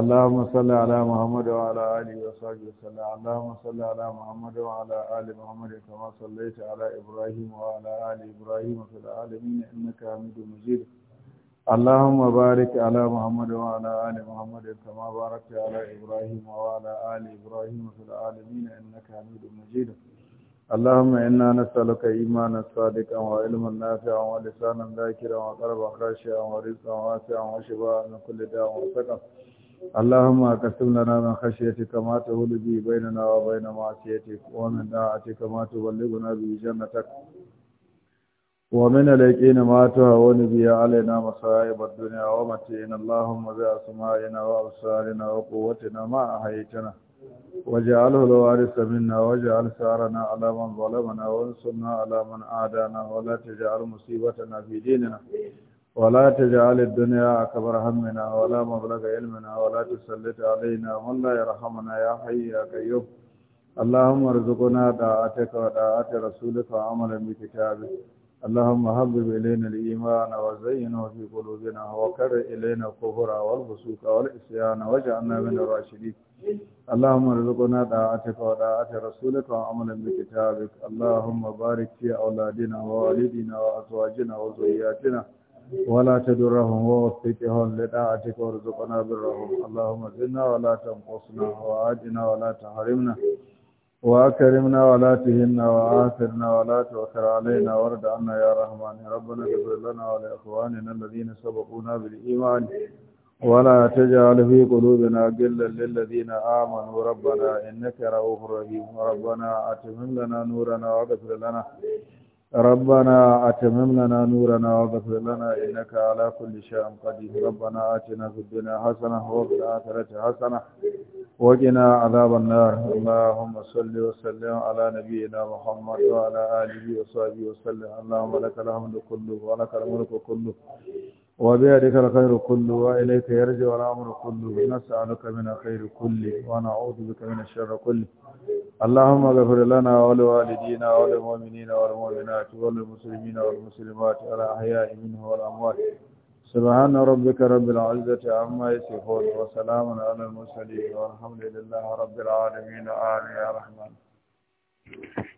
اللهم صل على محمد وعلى آله وصحبه وسلم اللهم صل على محمد وعلى آل محمد كما صليت على إبراهيم وعلى آل إبراهيم في العالمين إنك حميد مجيد اللهم بارك على محمد وعلى آل محمد كما باركت على إبراهيم وعلى آل إبراهيم في العالمين إنك حميد مجيد اللهم إنا نسألك إيمانا صادقا وعلما نافعا ولسانا ذاكرا وقلبا خاشعا ورزقا واسعا وشفاء من كل داء وسقم اللهم اقسم لنا من خشيتك ما تهول به بيننا وبين معصيتك ومن طاعتك ما تبلغنا به جنتك ومن اليقين ما تهون به علينا مصائب الدنيا ومتئنا اللهم باسمائنا وابصارنا وقوتنا ما احييتنا واجعله الوارث منا واجعل ثارنا على من ظلمنا وانصرنا على من عادانا ولا تجعل مصيبتنا في ديننا ولا تجعل الدنيا أكبر همنا ولا مبلغ علمنا ولا تسلط علينا من لا يرحمنا يا حي يا قيوم اللهم ارزقنا دعاتك ودعات رسولك وعملا بكتابك اللهم حبب إلينا الإيمان وزينه في قلوبنا وكر إلينا الكفر والفسوق والعصيان واجعلنا من الراشدين اللهم ارزقنا دعاتك ودعات رسولك وعملا بكتابك اللهم بارك في أولادنا ووالدنا وأزواجنا وذرياتنا ولا تدرهم ووفقهم لطاعتك وارزقنا برهم اللهم زدنا ولا تنقصنا وعادنا ولا تحرمنا وأكرمنا ولا تهنا وآثرنا ولا توكر علينا وارد عنا يا رحمن ربنا اغفر لنا ولإخواننا الذين سبقونا بالإيمان ولا تجعل في قلوبنا غلا للذين آمنوا ربنا إنك رؤوف رحيم ربنا أتمم لنا نورنا واغفر لنا ربنا أتمم لنا نورنا وغفر لنا إنك على كل شيء قدير ربنا آتنا في الدنيا حسنة وفي الآخرة حسنة وقنا عذاب النار اللهم صل وسلم على نبينا محمد وعلى آله وصحبه وسلم اللهم لك الحمد كله ولك الملك كله وبيدك الخير كله وإليك يرجع الأمر كله نسألك من الخير كله ونعوذ بك من الشر كله اللهم اغفر لنا ولوالدينا وللمؤمنين والمؤمنات وللمسلمين والمسلمات الأحياء منه والأموات سبحان ربك رب العزة عما يصفون وسلام على المرسلين والحمد لله رب العالمين آمين يا رحمن